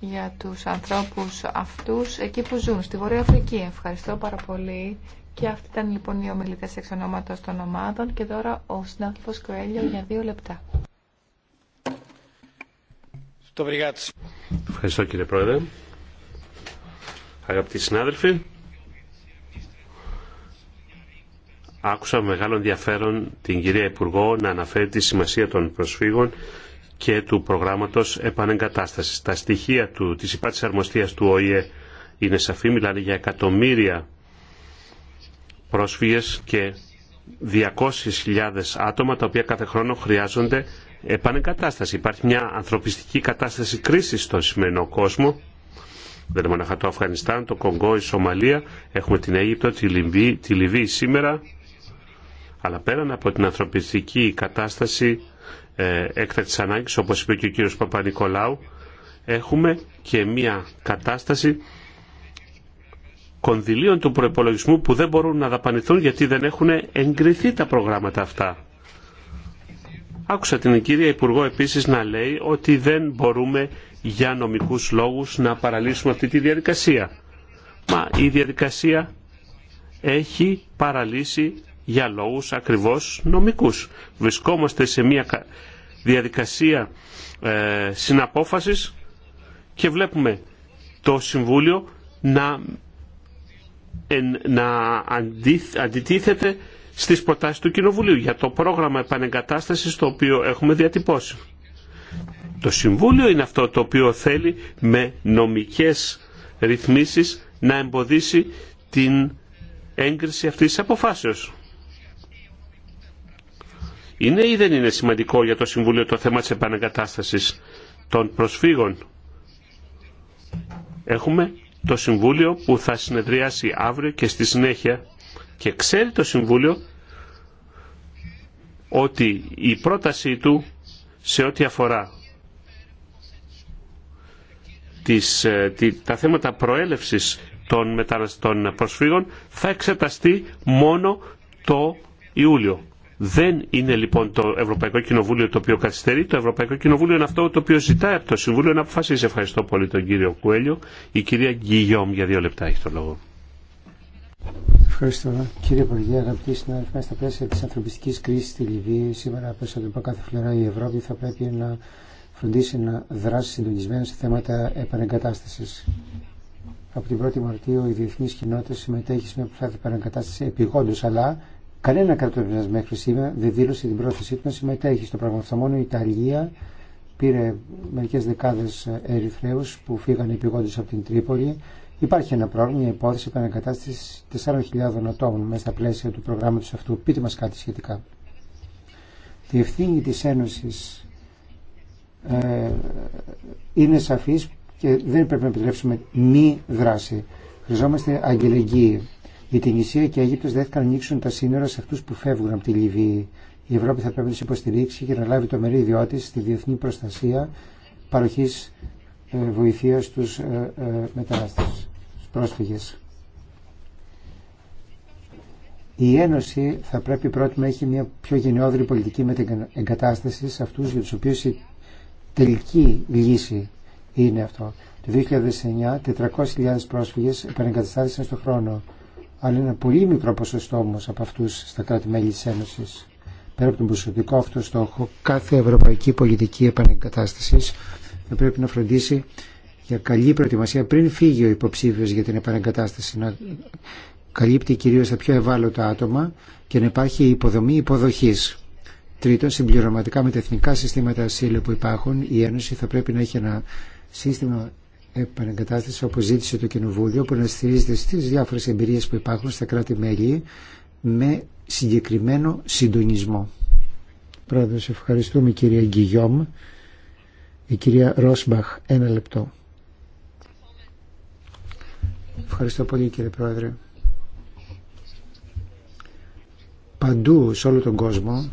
για τους ανθρώπους αυτούς εκεί που ζουν, στη Βορειοαφρική. Αφρική. Ευχαριστώ πάρα πολύ. Και αυτή ήταν λοιπόν οι ομιλητές εξ ονόματος των ομάδων και τώρα ο συνάδελφος Κοέλιο για δύο λεπτά. Ευχαριστώ κύριε Πρόεδρε. Αγαπητοί συνάδελφοι, Άκουσα με μεγάλο ενδιαφέρον την κυρία Υπουργό να αναφέρει τη σημασία των προσφύγων και του προγράμματο επανεγκατάστασης. Τα στοιχεία του, της υπάτης αρμοστίας του ΟΗΕ είναι σαφή, μιλάνε για εκατομμύρια πρόσφυγες και 200.000 άτομα τα οποία κάθε χρόνο χρειάζονται επανεγκατάσταση. Υπάρχει μια ανθρωπιστική κατάσταση κρίσης στον σημερινό κόσμο. Δεν είναι μόνο το Αφγανιστάν, το Κονγκό, η Σομαλία, έχουμε την Αίγυπτο, τη Λιβύη, τη Λιβύη σήμερα αλλά πέραν από την ανθρωπιστική κατάσταση ε, ανάγκης, όπως είπε και ο κύριο παπα Παπα-Νικολάου, έχουμε και μια κατάσταση κονδυλίων του προπολογισμού που δεν μπορούν να δαπανηθούν γιατί δεν έχουν εγκριθεί τα προγράμματα αυτά. Άκουσα την κυρία Υπουργό επίσης να λέει ότι δεν μπορούμε για νομικούς λόγους να παραλύσουμε αυτή τη διαδικασία. Μα η διαδικασία έχει παραλύσει για λόγους ακριβώς νομικούς. Βρισκόμαστε σε μια διαδικασία ε, συναπόφασης και βλέπουμε το Συμβούλιο να, να αντιτίθεται στις προτάσεις του Κοινοβουλίου για το πρόγραμμα επανεγκατάστασης το οποίο έχουμε διατυπώσει. Το Συμβούλιο είναι αυτό το οποίο θέλει με νομικές ρυθμίσεις να εμποδίσει την έγκριση αυτής της αποφάσεως. Είναι ή δεν είναι σημαντικό για το Συμβούλιο το θέμα της επανακατάστασης των προσφύγων. Έχουμε το Συμβούλιο που θα συνεδριάσει αύριο και στη συνέχεια και ξέρει το Συμβούλιο ότι η πρότασή του σε ό,τι αφορά ε, τα θέματα προέλευσης των, μεταναστών προσφύγων θα εξεταστεί μόνο το Ιούλιο. Δεν είναι λοιπόν το Ευρωπαϊκό Κοινοβούλιο το οποίο καθυστερεί. Το Ευρωπαϊκό Κοινοβούλιο είναι αυτό το οποίο ζητάει από το Συμβούλιο να αποφασίσει. Ευχαριστώ πολύ τον κύριο Κουέλιο. Η κυρία Γκυγιόμ για δύο λεπτά έχει το λόγο. Ευχαριστώ. Κύριε Υπουργέ, αγαπητοί συνάδελφοι, στα πλαίσια τη ανθρωπιστική κρίση στη Λιβύη, σήμερα περισσότερο από κάθε φλερά η Ευρώπη θα πρέπει να φροντίσει να δράσει συντονισμένα σε θέματα επανεγκατάσταση. Από την 1η Μαρτίου η διεθνή κοινότητα συμμετέχει σε μια προσπάθεια επανεγκατάσταση επιγόντω, αλλά Κανένα κράτο μέχρι σήμερα δεν δήλωσε την πρόθεσή του συμμετέχει στο πράγμα αυτό. Μόνο η Ιταλία πήρε μερικέ δεκάδε Ερυθρέου που φύγανε επιγόντω από την Τρίπολη. Υπάρχει ένα πρόγραμμα, μια υπόθεση επανακατάσταση 4.000 ατόμων μέσα στα πλαίσια του προγράμματο αυτού. Πείτε μα κάτι σχετικά. Η ευθύνη τη Ένωση ε, είναι σαφή και δεν πρέπει να επιτρέψουμε μη δράση. Χρειαζόμαστε αγγελεγγύη. Η Τινησία και η Αίγυπτος δέχτηκαν να ανοίξουν τα σύνορα σε αυτούς που φεύγουν από τη Λιβύη. Η Ευρώπη θα πρέπει να του υποστηρίξει και να λάβει το μερίδιό της στη διεθνή προστασία παροχής ε, βοηθείας στους ε, ε, μετανάστες, στους πρόσφυγες. Η Ένωση θα πρέπει πρώτη να έχει μια πιο γενναιόδρη πολιτική με την εγκατάσταση σε αυτούς για τους οποίους η τελική λύση είναι αυτό. Το 2009 400.000 πρόσφυγες επανεγκαταστάθησαν στον χρόνο αλλά ένα πολύ μικρό ποσοστό όμω από αυτού στα κράτη-μέλη τη Ένωση. Πέρα από τον προσωπικό αυτό στόχο, κάθε ευρωπαϊκή πολιτική επανεγκατάσταση θα πρέπει να φροντίσει για καλή προετοιμασία πριν φύγει ο υποψήφιο για την επανεγκατάσταση. Να καλύπτει κυρίω τα πιο ευάλωτα άτομα και να υπάρχει υποδομή υποδοχή. Τρίτον, συμπληρωματικά με τα εθνικά συστήματα ασύλου που υπάρχουν, η Ένωση θα πρέπει να έχει ένα σύστημα επανεγκατάσταση όπως ζήτησε το Κοινοβούλιο που να στηρίζεται στις διάφορες εμπειρίες που υπάρχουν στα κράτη-μέλη με συγκεκριμένο συντονισμό. σε ευχαριστούμε κυρία Γκυγιόμ. Η κυρία Ρόσμπαχ, ένα λεπτό. Ευχαριστώ πολύ κύριε Πρόεδρε. Παντού σε όλο τον κόσμο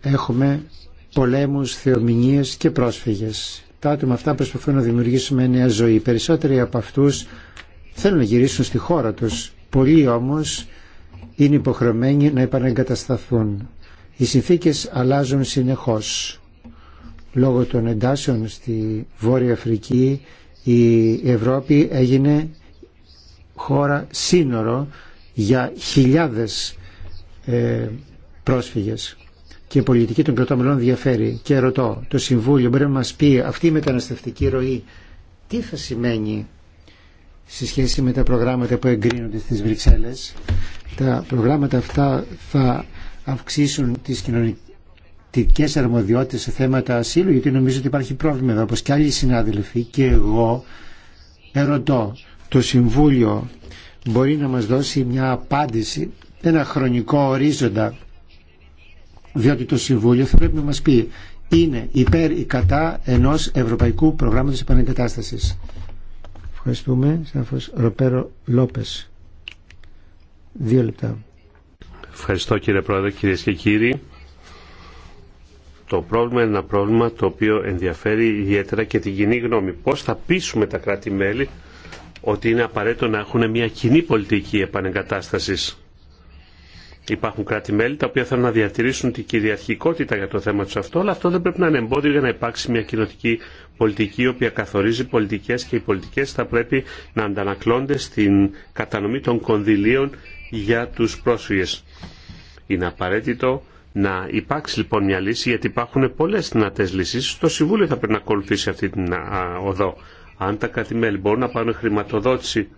έχουμε πολέμους, θεομηνίες και πρόσφυγες τα άτομα αυτά προσπαθούν να δημιουργήσουν μια νέα ζωή. Περισσότεροι από αυτούς θέλουν να γυρίσουν στη χώρα τους. Πολλοί όμως είναι υποχρεωμένοι να επαναγκατασταθούν. Οι συνθήκε αλλάζουν συνεχώς. Λόγω των εντάσεων στη Βόρεια Αφρική η Ευρώπη έγινε χώρα σύνορο για χιλιάδες ε, πρόσφυγες και η πολιτική των κρατών μελών διαφέρει. Και ρωτώ, το Συμβούλιο μπορεί να μας πει αυτή η μεταναστευτική ροή τι θα σημαίνει σε σχέση με τα προγράμματα που εγκρίνονται στις Βρυξέλλες. Τα προγράμματα αυτά θα αυξήσουν τις κοινωνικές αρμοδιότητες σε θέματα ασύλου, γιατί νομίζω ότι υπάρχει πρόβλημα εδώ, όπως και άλλοι συνάδελφοι και εγώ ερωτώ, το Συμβούλιο μπορεί να μας δώσει μια απάντηση, ένα χρονικό ορίζοντα διότι το Συμβούλιο θα πρέπει να μας πει είναι υπέρ ή κατά ενός ευρωπαϊκού προγράμματος επανεγκατάστασης. Ευχαριστούμε. Σαφώς Ροπέρο Λόπες. Δύο λεπτά. Ευχαριστώ κύριε Πρόεδρε, κυρίες και κύριοι. Το πρόβλημα είναι ένα πρόβλημα το οποίο ενδιαφέρει ιδιαίτερα και την κοινή γνώμη. Πώς θα πείσουμε τα κράτη-μέλη ότι είναι απαραίτητο να έχουν μια κοινή πολιτική επανεγκατάστασης. Υπάρχουν κράτη-μέλη τα οποία θέλουν να διατηρήσουν την κυριαρχικότητα για το θέμα του αυτό, αλλά αυτό δεν πρέπει να είναι εμπόδιο για να υπάρξει μια κοινοτική πολιτική, η οποία καθορίζει πολιτικέ και οι πολιτικέ θα πρέπει να αντανακλώνται στην κατανομή των κονδυλίων για του πρόσφυγε. Είναι απαραίτητο να υπάρξει λοιπόν μια λύση, γιατί υπάρχουν πολλέ δυνατέ λύσει. Το Συμβούλιο θα πρέπει να ακολουθήσει αυτή την οδό. Αν τα κράτη-μέλη μπορούν να πάρουν χρηματοδότηση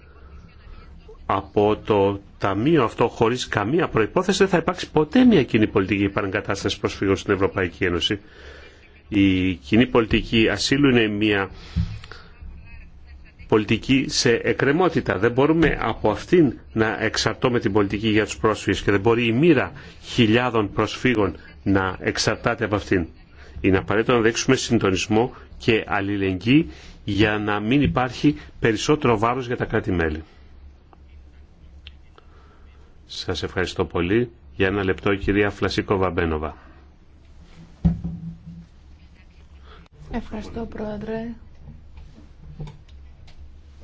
από το ταμείο αυτό χωρίς καμία προϋπόθεση δεν θα υπάρξει ποτέ μια κοινή πολιτική παραγκατάστασης προσφύγων στην Ευρωπαϊκή Ένωση. Η κοινή πολιτική ασύλου είναι μια πολιτική σε εκκρεμότητα. Δεν μπορούμε από αυτήν να εξαρτώμε την πολιτική για τους πρόσφυγες και δεν μπορεί η μοίρα χιλιάδων προσφύγων να εξαρτάται από αυτήν. Είναι απαραίτητο να δείξουμε συντονισμό και αλληλεγγύη για να μην υπάρχει περισσότερο βάρος για τα κράτη-μέλη. Σας ευχαριστώ πολύ. Για ένα λεπτό η κυρία φλασικό Φλασσικό-Βαμπένοβα. Ευχαριστώ Πρόεδρε.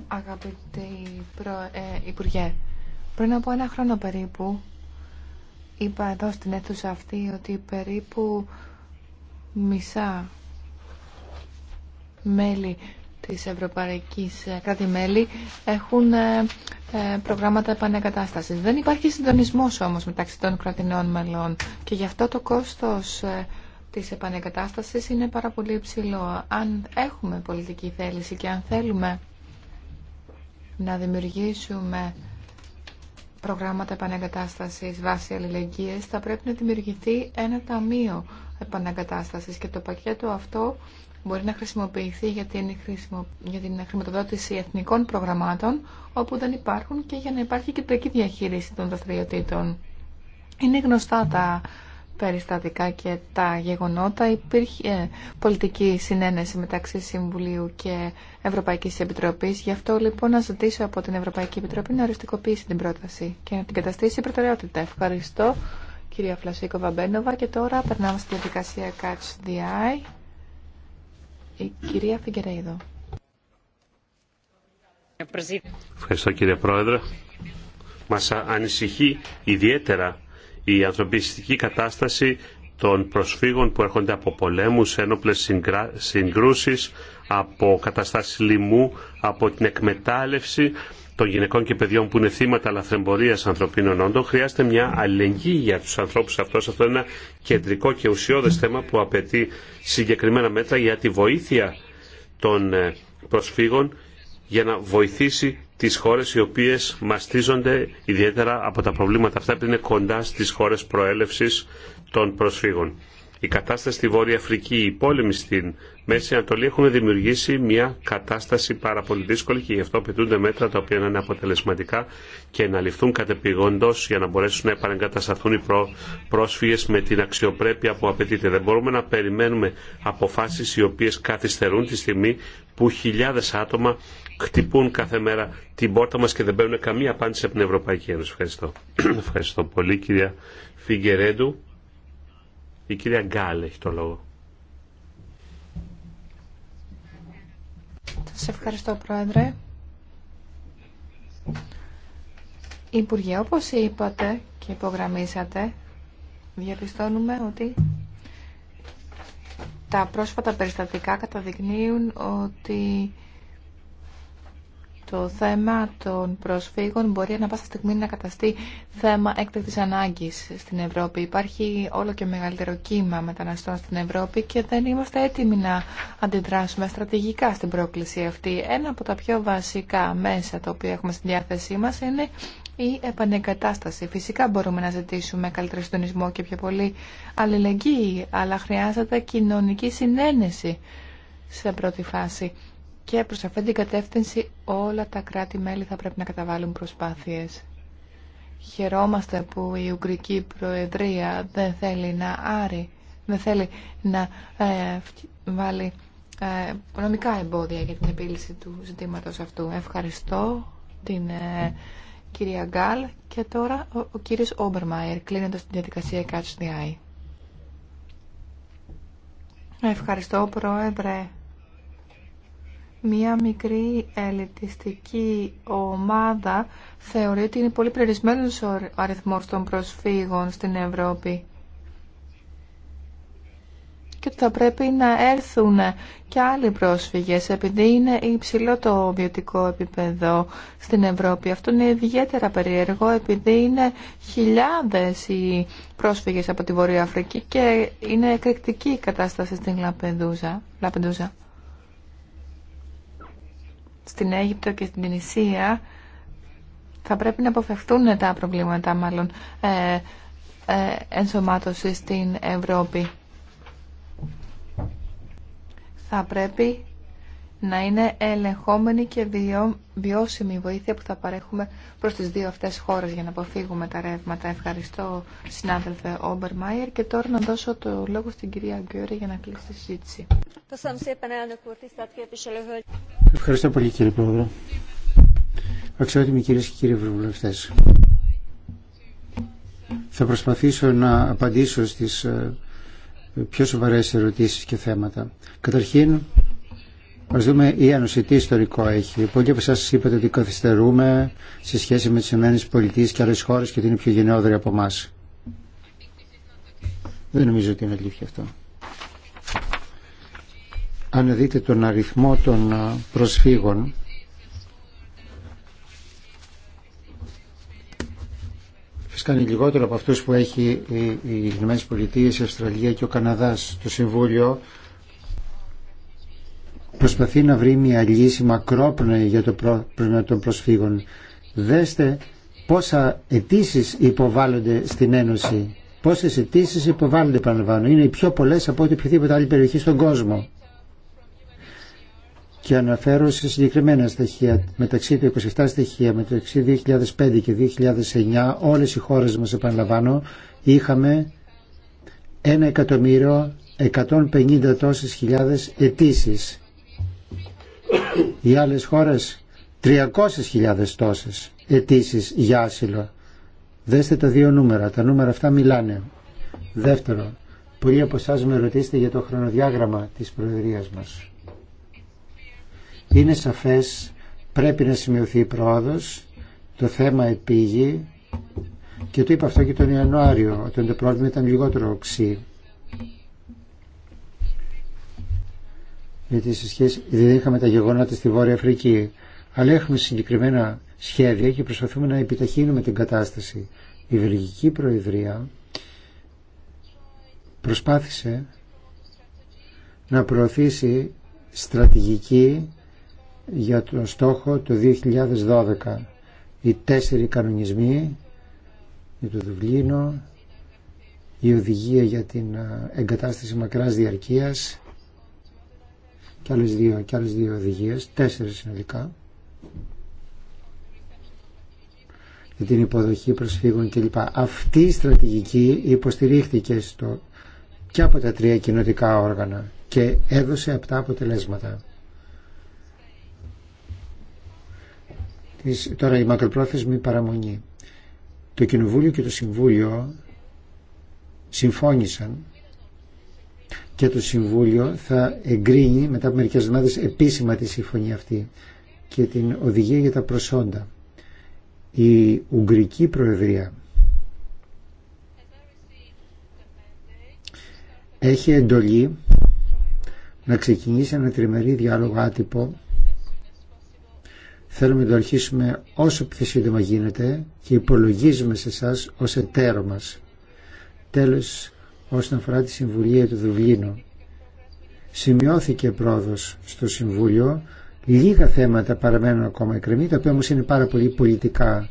αγαπητοί Προ... Ε, Υπουργέ, πριν από ένα χρόνο περίπου είπα εδώ στην αίθουσα αυτή ότι περίπου μισά μέλη της Ευρωπαϊκής ε, κράτη-μέλη έχουν ε, ε, προγράμματα επανεγκατάστασης. Δεν υπάρχει συντονισμός όμως μεταξύ των κρατινών μελών και γι' αυτό το κόστος της επανεγκατάστασης είναι πάρα πολύ υψηλό. Αν έχουμε πολιτική θέληση και αν θέλουμε να δημιουργήσουμε προγράμματα επανεγκατάστασης βάσει αλληλεγγύης θα πρέπει να δημιουργηθεί ένα ταμείο επανεγκατάστασης και το πακέτο αυτό μπορεί να χρησιμοποιηθεί για την, για την χρηματοδότηση εθνικών προγραμμάτων όπου δεν υπάρχουν και για να υπάρχει κεντρική διαχείριση των δραστηριοτήτων. Είναι γνωστά τα περιστατικά και τα γεγονότα. Υπήρχε ε, πολιτική συνένεση μεταξύ Συμβουλίου και Ευρωπαϊκής Επιτροπής. Γι' αυτό λοιπόν να ζητήσω από την Ευρωπαϊκή Επιτροπή να οριστικοποιήσει την πρόταση και να την καταστήσει προτεραιότητα. Ευχαριστώ κυρία Φλασίκο Βαμπένοβα και τώρα περνάμε στη διαδικασία Catch the Eye κυρία Ευχαριστώ κύριε Πρόεδρε. Μας ανησυχεί ιδιαίτερα η ανθρωπιστική κατάσταση των προσφύγων που έρχονται από πολέμους, ένοπλες συγκρούσεις, από καταστάσεις λοιμού, από την εκμετάλλευση των γυναικών και παιδιών που είναι θύματα λαθρεμπορία ανθρωπίνων όντων, χρειάζεται μια αλληλεγγύη για του ανθρώπου αυτού. Αυτό είναι ένα κεντρικό και ουσιώδε θέμα που απαιτεί συγκεκριμένα μέτρα για τη βοήθεια των ε, προσφύγων για να βοηθήσει τις χώρες οι οποίες μαστίζονται ιδιαίτερα από τα προβλήματα αυτά που είναι κοντά στι χώρε προέλευση των προσφύγων η κατάσταση στη Βόρεια Αφρική, οι πόλεμοι στην Μέση Ανατολή έχουν δημιουργήσει μια κατάσταση πάρα πολύ δύσκολη και γι' αυτό απαιτούνται μέτρα τα οποία να είναι αποτελεσματικά και να ληφθούν κατεπηγόντω για να μπορέσουν να επανεγκατασταθούν οι πρόσφυγε με την αξιοπρέπεια που απαιτείται. Δεν μπορούμε να περιμένουμε αποφάσει οι οποίε καθυστερούν τη στιγμή που χιλιάδε άτομα χτυπούν κάθε μέρα την πόρτα μα και δεν παίρνουν καμία απάντηση από την Ευρωπαϊκή Ένωση. Ευχαριστώ. Ευχαριστώ πολύ, κυρία Φιγκερέντου. Η κυρία Γκάλ έχει το λόγο. Σας ευχαριστώ, Πρόεδρε. Υπουργέ, όπως είπατε και υπογραμμίσατε, διαπιστώνουμε ότι τα πρόσφατα περιστατικά καταδεικνύουν ότι το θέμα των προσφύγων μπορεί να πάσα στιγμή να καταστεί θέμα έκτακτης ανάγκης στην Ευρώπη. Υπάρχει όλο και μεγαλύτερο κύμα μεταναστών στην Ευρώπη και δεν είμαστε έτοιμοι να αντιδράσουμε στρατηγικά στην πρόκληση αυτή. Ένα από τα πιο βασικά μέσα τα οποία έχουμε στη διάθεσή μας είναι η επανεγκατάσταση. Φυσικά μπορούμε να ζητήσουμε καλύτερο συντονισμό και πιο πολύ αλληλεγγύη, αλλά χρειάζεται κοινωνική συνένεση σε πρώτη φάση. Και προς αυτήν την κατεύθυνση όλα τα κράτη-μέλη θα πρέπει να καταβάλουν προσπάθειες. Χαιρόμαστε που η Ουγγρική Προεδρία δεν θέλει να άρει, δεν θέλει να ε, βάλει ε, νομικά εμπόδια για την επίλυση του ζητήματος αυτού. Ευχαριστώ την ε, κυρία Γκάλ και τώρα ο, ο κύριος Όμπερμαϊρ κλείνοντας την διαδικασία Catch Ευχαριστώ Πρόεδρε μία μικρή ελιτιστική ομάδα θεωρεί ότι είναι πολύ περιορισμένο ο αριθμός των προσφύγων στην Ευρώπη και ότι θα πρέπει να έρθουν και άλλοι πρόσφυγες επειδή είναι υψηλό το βιωτικό επίπεδο στην Ευρώπη. Αυτό είναι ιδιαίτερα περίεργο επειδή είναι χιλιάδες οι πρόσφυγες από τη Βορειοαφρική και είναι εκρηκτική η κατάσταση στην Λαπεντούζα στην Αίγυπτο και στην Τινησία θα πρέπει να αποφευθούν τα προβλήματα μάλλον ε, ε, ενσωμάτωση στην Ευρώπη. Θα πρέπει να είναι ελεγχόμενη και βιώσιμη βοήθεια που θα παρέχουμε προς τις δύο αυτές χώρες για να αποφύγουμε τα ρεύματα. Ευχαριστώ συνάδελφε Όμπερ Μάιερ και τώρα να δώσω το λόγο στην κυρία Γκιόρη για να κλείσει τη συζήτηση. Ευχαριστώ πολύ κύριε Πρόεδρε. Αξιότιμοι κυρίες και κύριοι βουλευτές. Θα προσπαθήσω να απαντήσω στις ε, πιο σοβαρές ερωτήσεις και θέματα. Καταρχήν, Α δούμε η Ένωση τι ιστορικό έχει. Πολλοί από εσάς είπατε ότι καθυστερούμε σε σχέση με τις ΗΠΑ και άλλε χώρε και ότι είναι πιο γενναιόδοροι από εμά. Δεν νομίζω ότι είναι αλήθεια αυτό. Αν δείτε τον αριθμό των προσφύγων φυσικά είναι λιγότερο από αυτούς που έχει οι Ηνωμένες Πολιτείες, η Αυστραλία και ο Καναδάς. Το Συμβούλιο προσπαθεί να βρει μια λύση μακρόπνοη για το πρόβλημα των προσφύγων. Δέστε πόσα αιτήσει υποβάλλονται στην Ένωση. Πόσε αιτήσει υποβάλλονται, επαναλαμβάνω. Είναι οι πιο πολλέ από ό,τι οποιαδήποτε άλλη περιοχή στον κόσμο. Και αναφέρω σε συγκεκριμένα στοιχεία, μεταξύ του 27 στοιχεία, μεταξύ 2005 και 2009, όλε οι χώρε μα επαναλαμβάνω, είχαμε 1.150.000 τόσες χιλιάδες αιτήσει. Οι άλλες χώρες 300.000 τόσες αιτήσει για άσυλο. Δέστε τα δύο νούμερα. Τα νούμερα αυτά μιλάνε. Δεύτερο, πολλοί από εσά με ρωτήσετε για το χρονοδιάγραμμα της Προεδρίας μας. Είναι σαφές, πρέπει να σημειωθεί η πρόοδος, το θέμα επιγεί και το είπα αυτό και τον Ιανουάριο, όταν το πρόβλημα ήταν λιγότερο οξύ. γιατί, σε σχέση, δεν είχαμε τα γεγονότα στη Βόρεια Αφρική. Αλλά έχουμε συγκεκριμένα σχέδια και προσπαθούμε να επιταχύνουμε την κατάσταση. Η Βελγική Προεδρία προσπάθησε να προωθήσει στρατηγική για τον στόχο το 2012. Οι τέσσερι κανονισμοί για το Δουβλίνο, η οδηγία για την ε, εγκατάσταση μακράς διαρκείας, και άλλες δύο, και άλλες δύο οδηγίες, τέσσερις συνολικά, για την υποδοχή προσφύγων κλπ. Αυτή η στρατηγική υποστηρίχθηκε στο, και από τα τρία κοινοτικά όργανα και έδωσε αυτά αποτελέσματα. Τώρα η μακροπρόθεσμη παραμονή. Το Κοινοβούλιο και το Συμβούλιο συμφώνησαν και το Συμβούλιο θα εγκρίνει μετά από μερικές εβδομάδες επίσημα τη συμφωνία αυτή και την οδηγία για τα προσόντα. Η Ουγγρική Προεδρία έχει εντολή να ξεκινήσει ένα τριμερή διάλογο άτυπο. Θέλουμε να το αρχίσουμε όσο πιο σύντομα γίνεται και υπολογίζουμε σε εσά ως εταίρο μας. Τέλος όσον αφορά τη Συμβουλία του Δουβλίνου. Σημειώθηκε πρόοδος στο Συμβούλιο, λίγα θέματα παραμένουν ακόμα εκκρεμή, τα οποία όμως είναι πάρα πολύ πολιτικά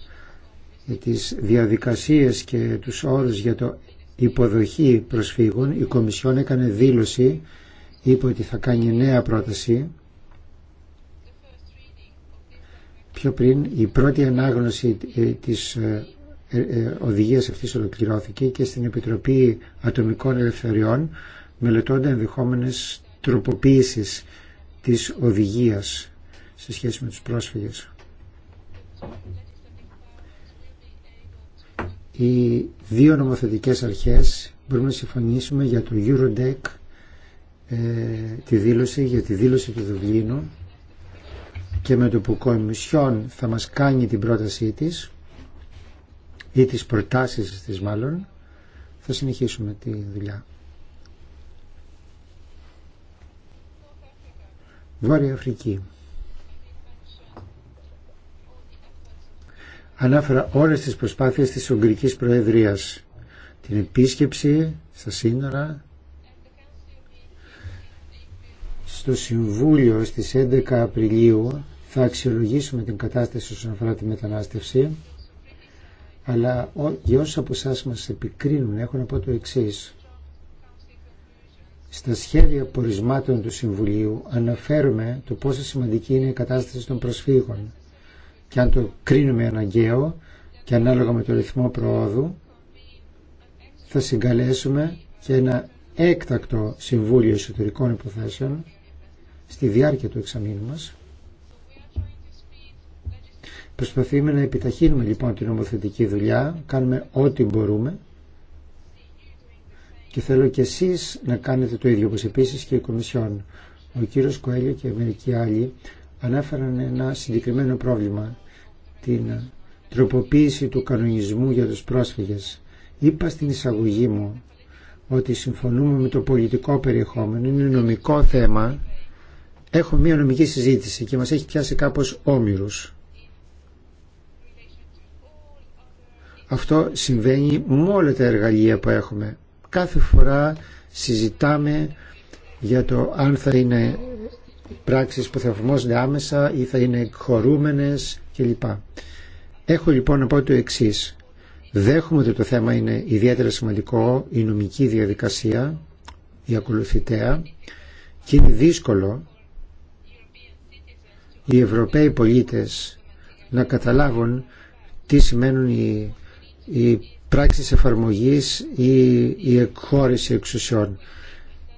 για τις διαδικασίες και τους όρους για το υποδοχή προσφύγων. Η Κομισιόν έκανε δήλωση, είπε ότι θα κάνει νέα πρόταση. Πιο πριν η πρώτη ανάγνωση ε, της ε, ε, ε, οδηγίας αυτής ολοκληρώθηκε και στην Επιτροπή Ατομικών Ελευθεριών μελετώνται ενδεχόμενες τροποποίησεις της οδηγίας σε σχέση με τους πρόσφυγες. Οι δύο νομοθετικές αρχές μπορούμε να συμφωνήσουμε για το Eurodec ε, τη δήλωση για τη δήλωση του Δουβλίνου και με το που Κομισιόν θα μας κάνει την πρότασή της ή τις προτάσεις της μάλλον, θα συνεχίσουμε τη δουλειά. Βόρεια Αφρική. Ανάφερα όλες τις προσπάθειες της Ουγγρικής Προεδρίας. Την επίσκεψη στα σύνορα, στο Συμβούλιο στις 11 Απριλίου θα αξιολογήσουμε την κατάσταση όσον αφορά τη μετανάστευση αλλά για όσους από εσά μας επικρίνουν έχω να πω το εξής. Στα σχέδια πορισμάτων του Συμβουλίου αναφέρουμε το πόσο σημαντική είναι η κατάσταση των προσφύγων και αν το κρίνουμε αναγκαίο και ανάλογα με το ρυθμό προόδου θα συγκαλέσουμε και ένα έκτακτο Συμβούλιο Εσωτερικών Υποθέσεων στη διάρκεια του εξαμήνου μας Προσπαθούμε να επιταχύνουμε λοιπόν την νομοθετική δουλειά, κάνουμε ό,τι μπορούμε και θέλω και εσείς να κάνετε το ίδιο όπως επίσης και η Κομισιόν. Ο κύριος Κοέλιο και μερικοί άλλοι ανέφεραν ένα συγκεκριμένο πρόβλημα, την τροποποίηση του κανονισμού για τους πρόσφυγες. Είπα στην εισαγωγή μου ότι συμφωνούμε με το πολιτικό περιεχόμενο, είναι νομικό θέμα. Έχω μια νομική συζήτηση και μας έχει πιάσει κάπως όμοιρους. Αυτό συμβαίνει με όλα τα εργαλεία που έχουμε. Κάθε φορά συζητάμε για το αν θα είναι πράξεις που θα εφαρμόζονται άμεσα ή θα είναι χωρούμενες κλπ. Έχω λοιπόν να πω το εξή. Δέχομαι ότι το θέμα είναι ιδιαίτερα σημαντικό, η νομική διαδικασία, η ακολουθητέα και είναι δύσκολο οι Ευρωπαίοι πολίτες να καταλάβουν τι σημαίνουν οι η πράξεις εφαρμογής ή η εκχώρηση εξουσιών.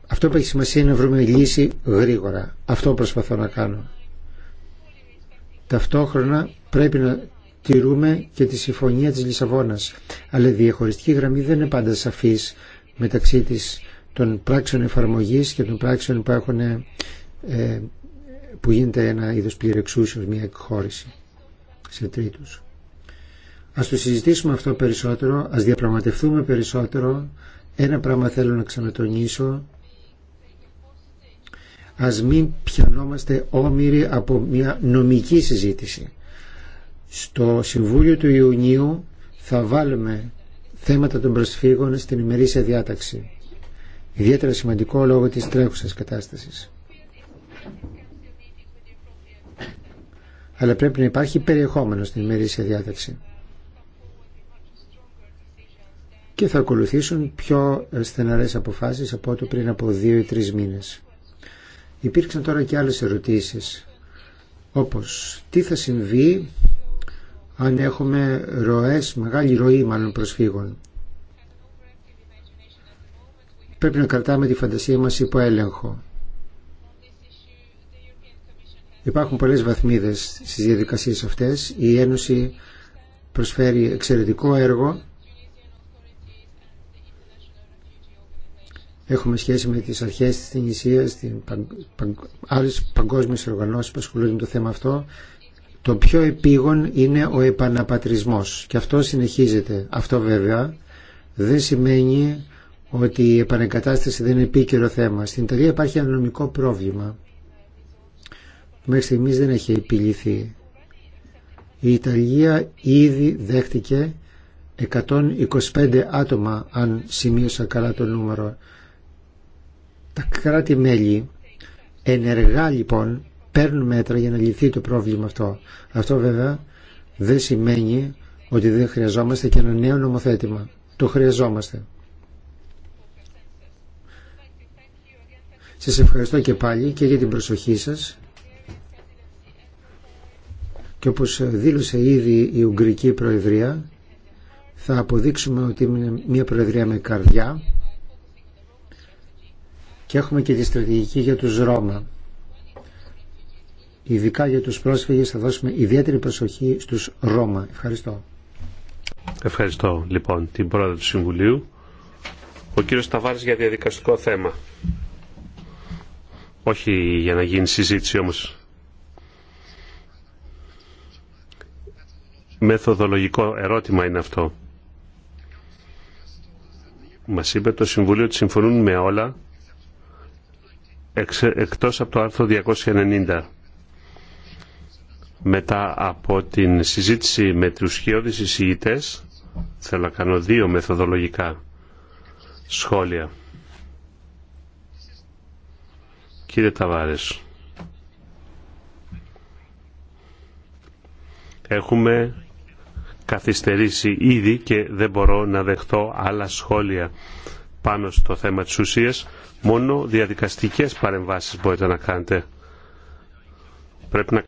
Αυτό που έχει σημασία είναι να βρούμε λύση γρήγορα. Αυτό προσπαθώ να κάνω. Ταυτόχρονα πρέπει να τηρούμε και τη συμφωνία της Λισαβόνας. Αλλά η διαχωριστική γραμμή δεν είναι πάντα σαφής μεταξύ της των πράξεων εφαρμογής και των πράξεων που έχουν ε, που γίνεται ένα είδος πληρεξούσιος, μια εκχώρηση σε τρίτους. Ας το συζητήσουμε αυτό περισσότερο, ας διαπραγματευτούμε περισσότερο. Ένα πράγμα θέλω να ξανατονίσω. Ας μην πιανόμαστε όμοιροι από μια νομική συζήτηση. Στο Συμβούλιο του Ιουνίου θα βάλουμε θέματα των προσφύγων στην ημερήσια διάταξη. Ιδιαίτερα σημαντικό λόγω της τρέχουσας κατάστασης. Αλλά πρέπει να υπάρχει περιεχόμενο στην ημερήσια διάταξη και θα ακολουθήσουν πιο στεναρές αποφάσεις από ό,τι πριν από δύο ή τρεις μήνες. Υπήρξαν τώρα και άλλες ερωτήσεις, όπως τι θα συμβεί αν έχουμε ροές, μεγάλη ροή μάλλον προσφύγων. Πρέπει να κρατάμε τη φαντασία μας υπό έλεγχο. Υπάρχουν πολλές βαθμίδες στις διαδικασίες αυτές. Η Ένωση προσφέρει εξαιρετικό έργο έχουμε σχέση με τις αρχές της Ινησίας, την παγ, παγ, άλλες παγκόσμιες οργανώσεις που ασχολούνται με το θέμα αυτό, το πιο επίγον είναι ο επαναπατρισμός και αυτό συνεχίζεται. Αυτό βέβαια δεν σημαίνει ότι η επανεγκατάσταση δεν είναι επίκαιρο θέμα. Στην Ιταλία υπάρχει ένα νομικό πρόβλημα. Μέχρι στιγμής δεν έχει επιληθεί. Η Ιταλία ήδη δέχτηκε 125 άτομα αν σημείωσα καλά το νούμερο τα κράτη-μέλη ενεργά λοιπόν παίρνουν μέτρα για να λυθεί το πρόβλημα αυτό. Αυτό βέβαια δεν σημαίνει ότι δεν χρειαζόμαστε και ένα νέο νομοθέτημα. Το χρειαζόμαστε. Σας ευχαριστώ και πάλι και για την προσοχή σας. Και όπως δήλωσε ήδη η Ουγγρική Προεδρία, θα αποδείξουμε ότι είναι μια Προεδρία με καρδιά και έχουμε και τη στρατηγική για τους Ρώμα. Ειδικά για τους πρόσφυγες θα δώσουμε ιδιαίτερη προσοχή στους Ρώμα. Ευχαριστώ. Ευχαριστώ λοιπόν την πρόεδρο του Συμβουλίου. Ο κύριος Ταβάρης για διαδικαστικό θέμα. Όχι για να γίνει συζήτηση όμως. Μεθοδολογικό ερώτημα είναι αυτό. Μας είπε το Συμβουλίο ότι συμφωνούν με όλα εκτός από το άρθρο 290. Μετά από την συζήτηση με τους χειώδεις εισηγητές, θέλω να κάνω δύο μεθοδολογικά σχόλια. Κύριε Ταβάρες, έχουμε καθυστερήσει ήδη και δεν μπορώ να δεχτώ άλλα σχόλια πάνω στο θέμα της ουσίας Μόνο διαδικαστικές παρεμβάσεις μπορείτε να κάνετε. Πρέπει να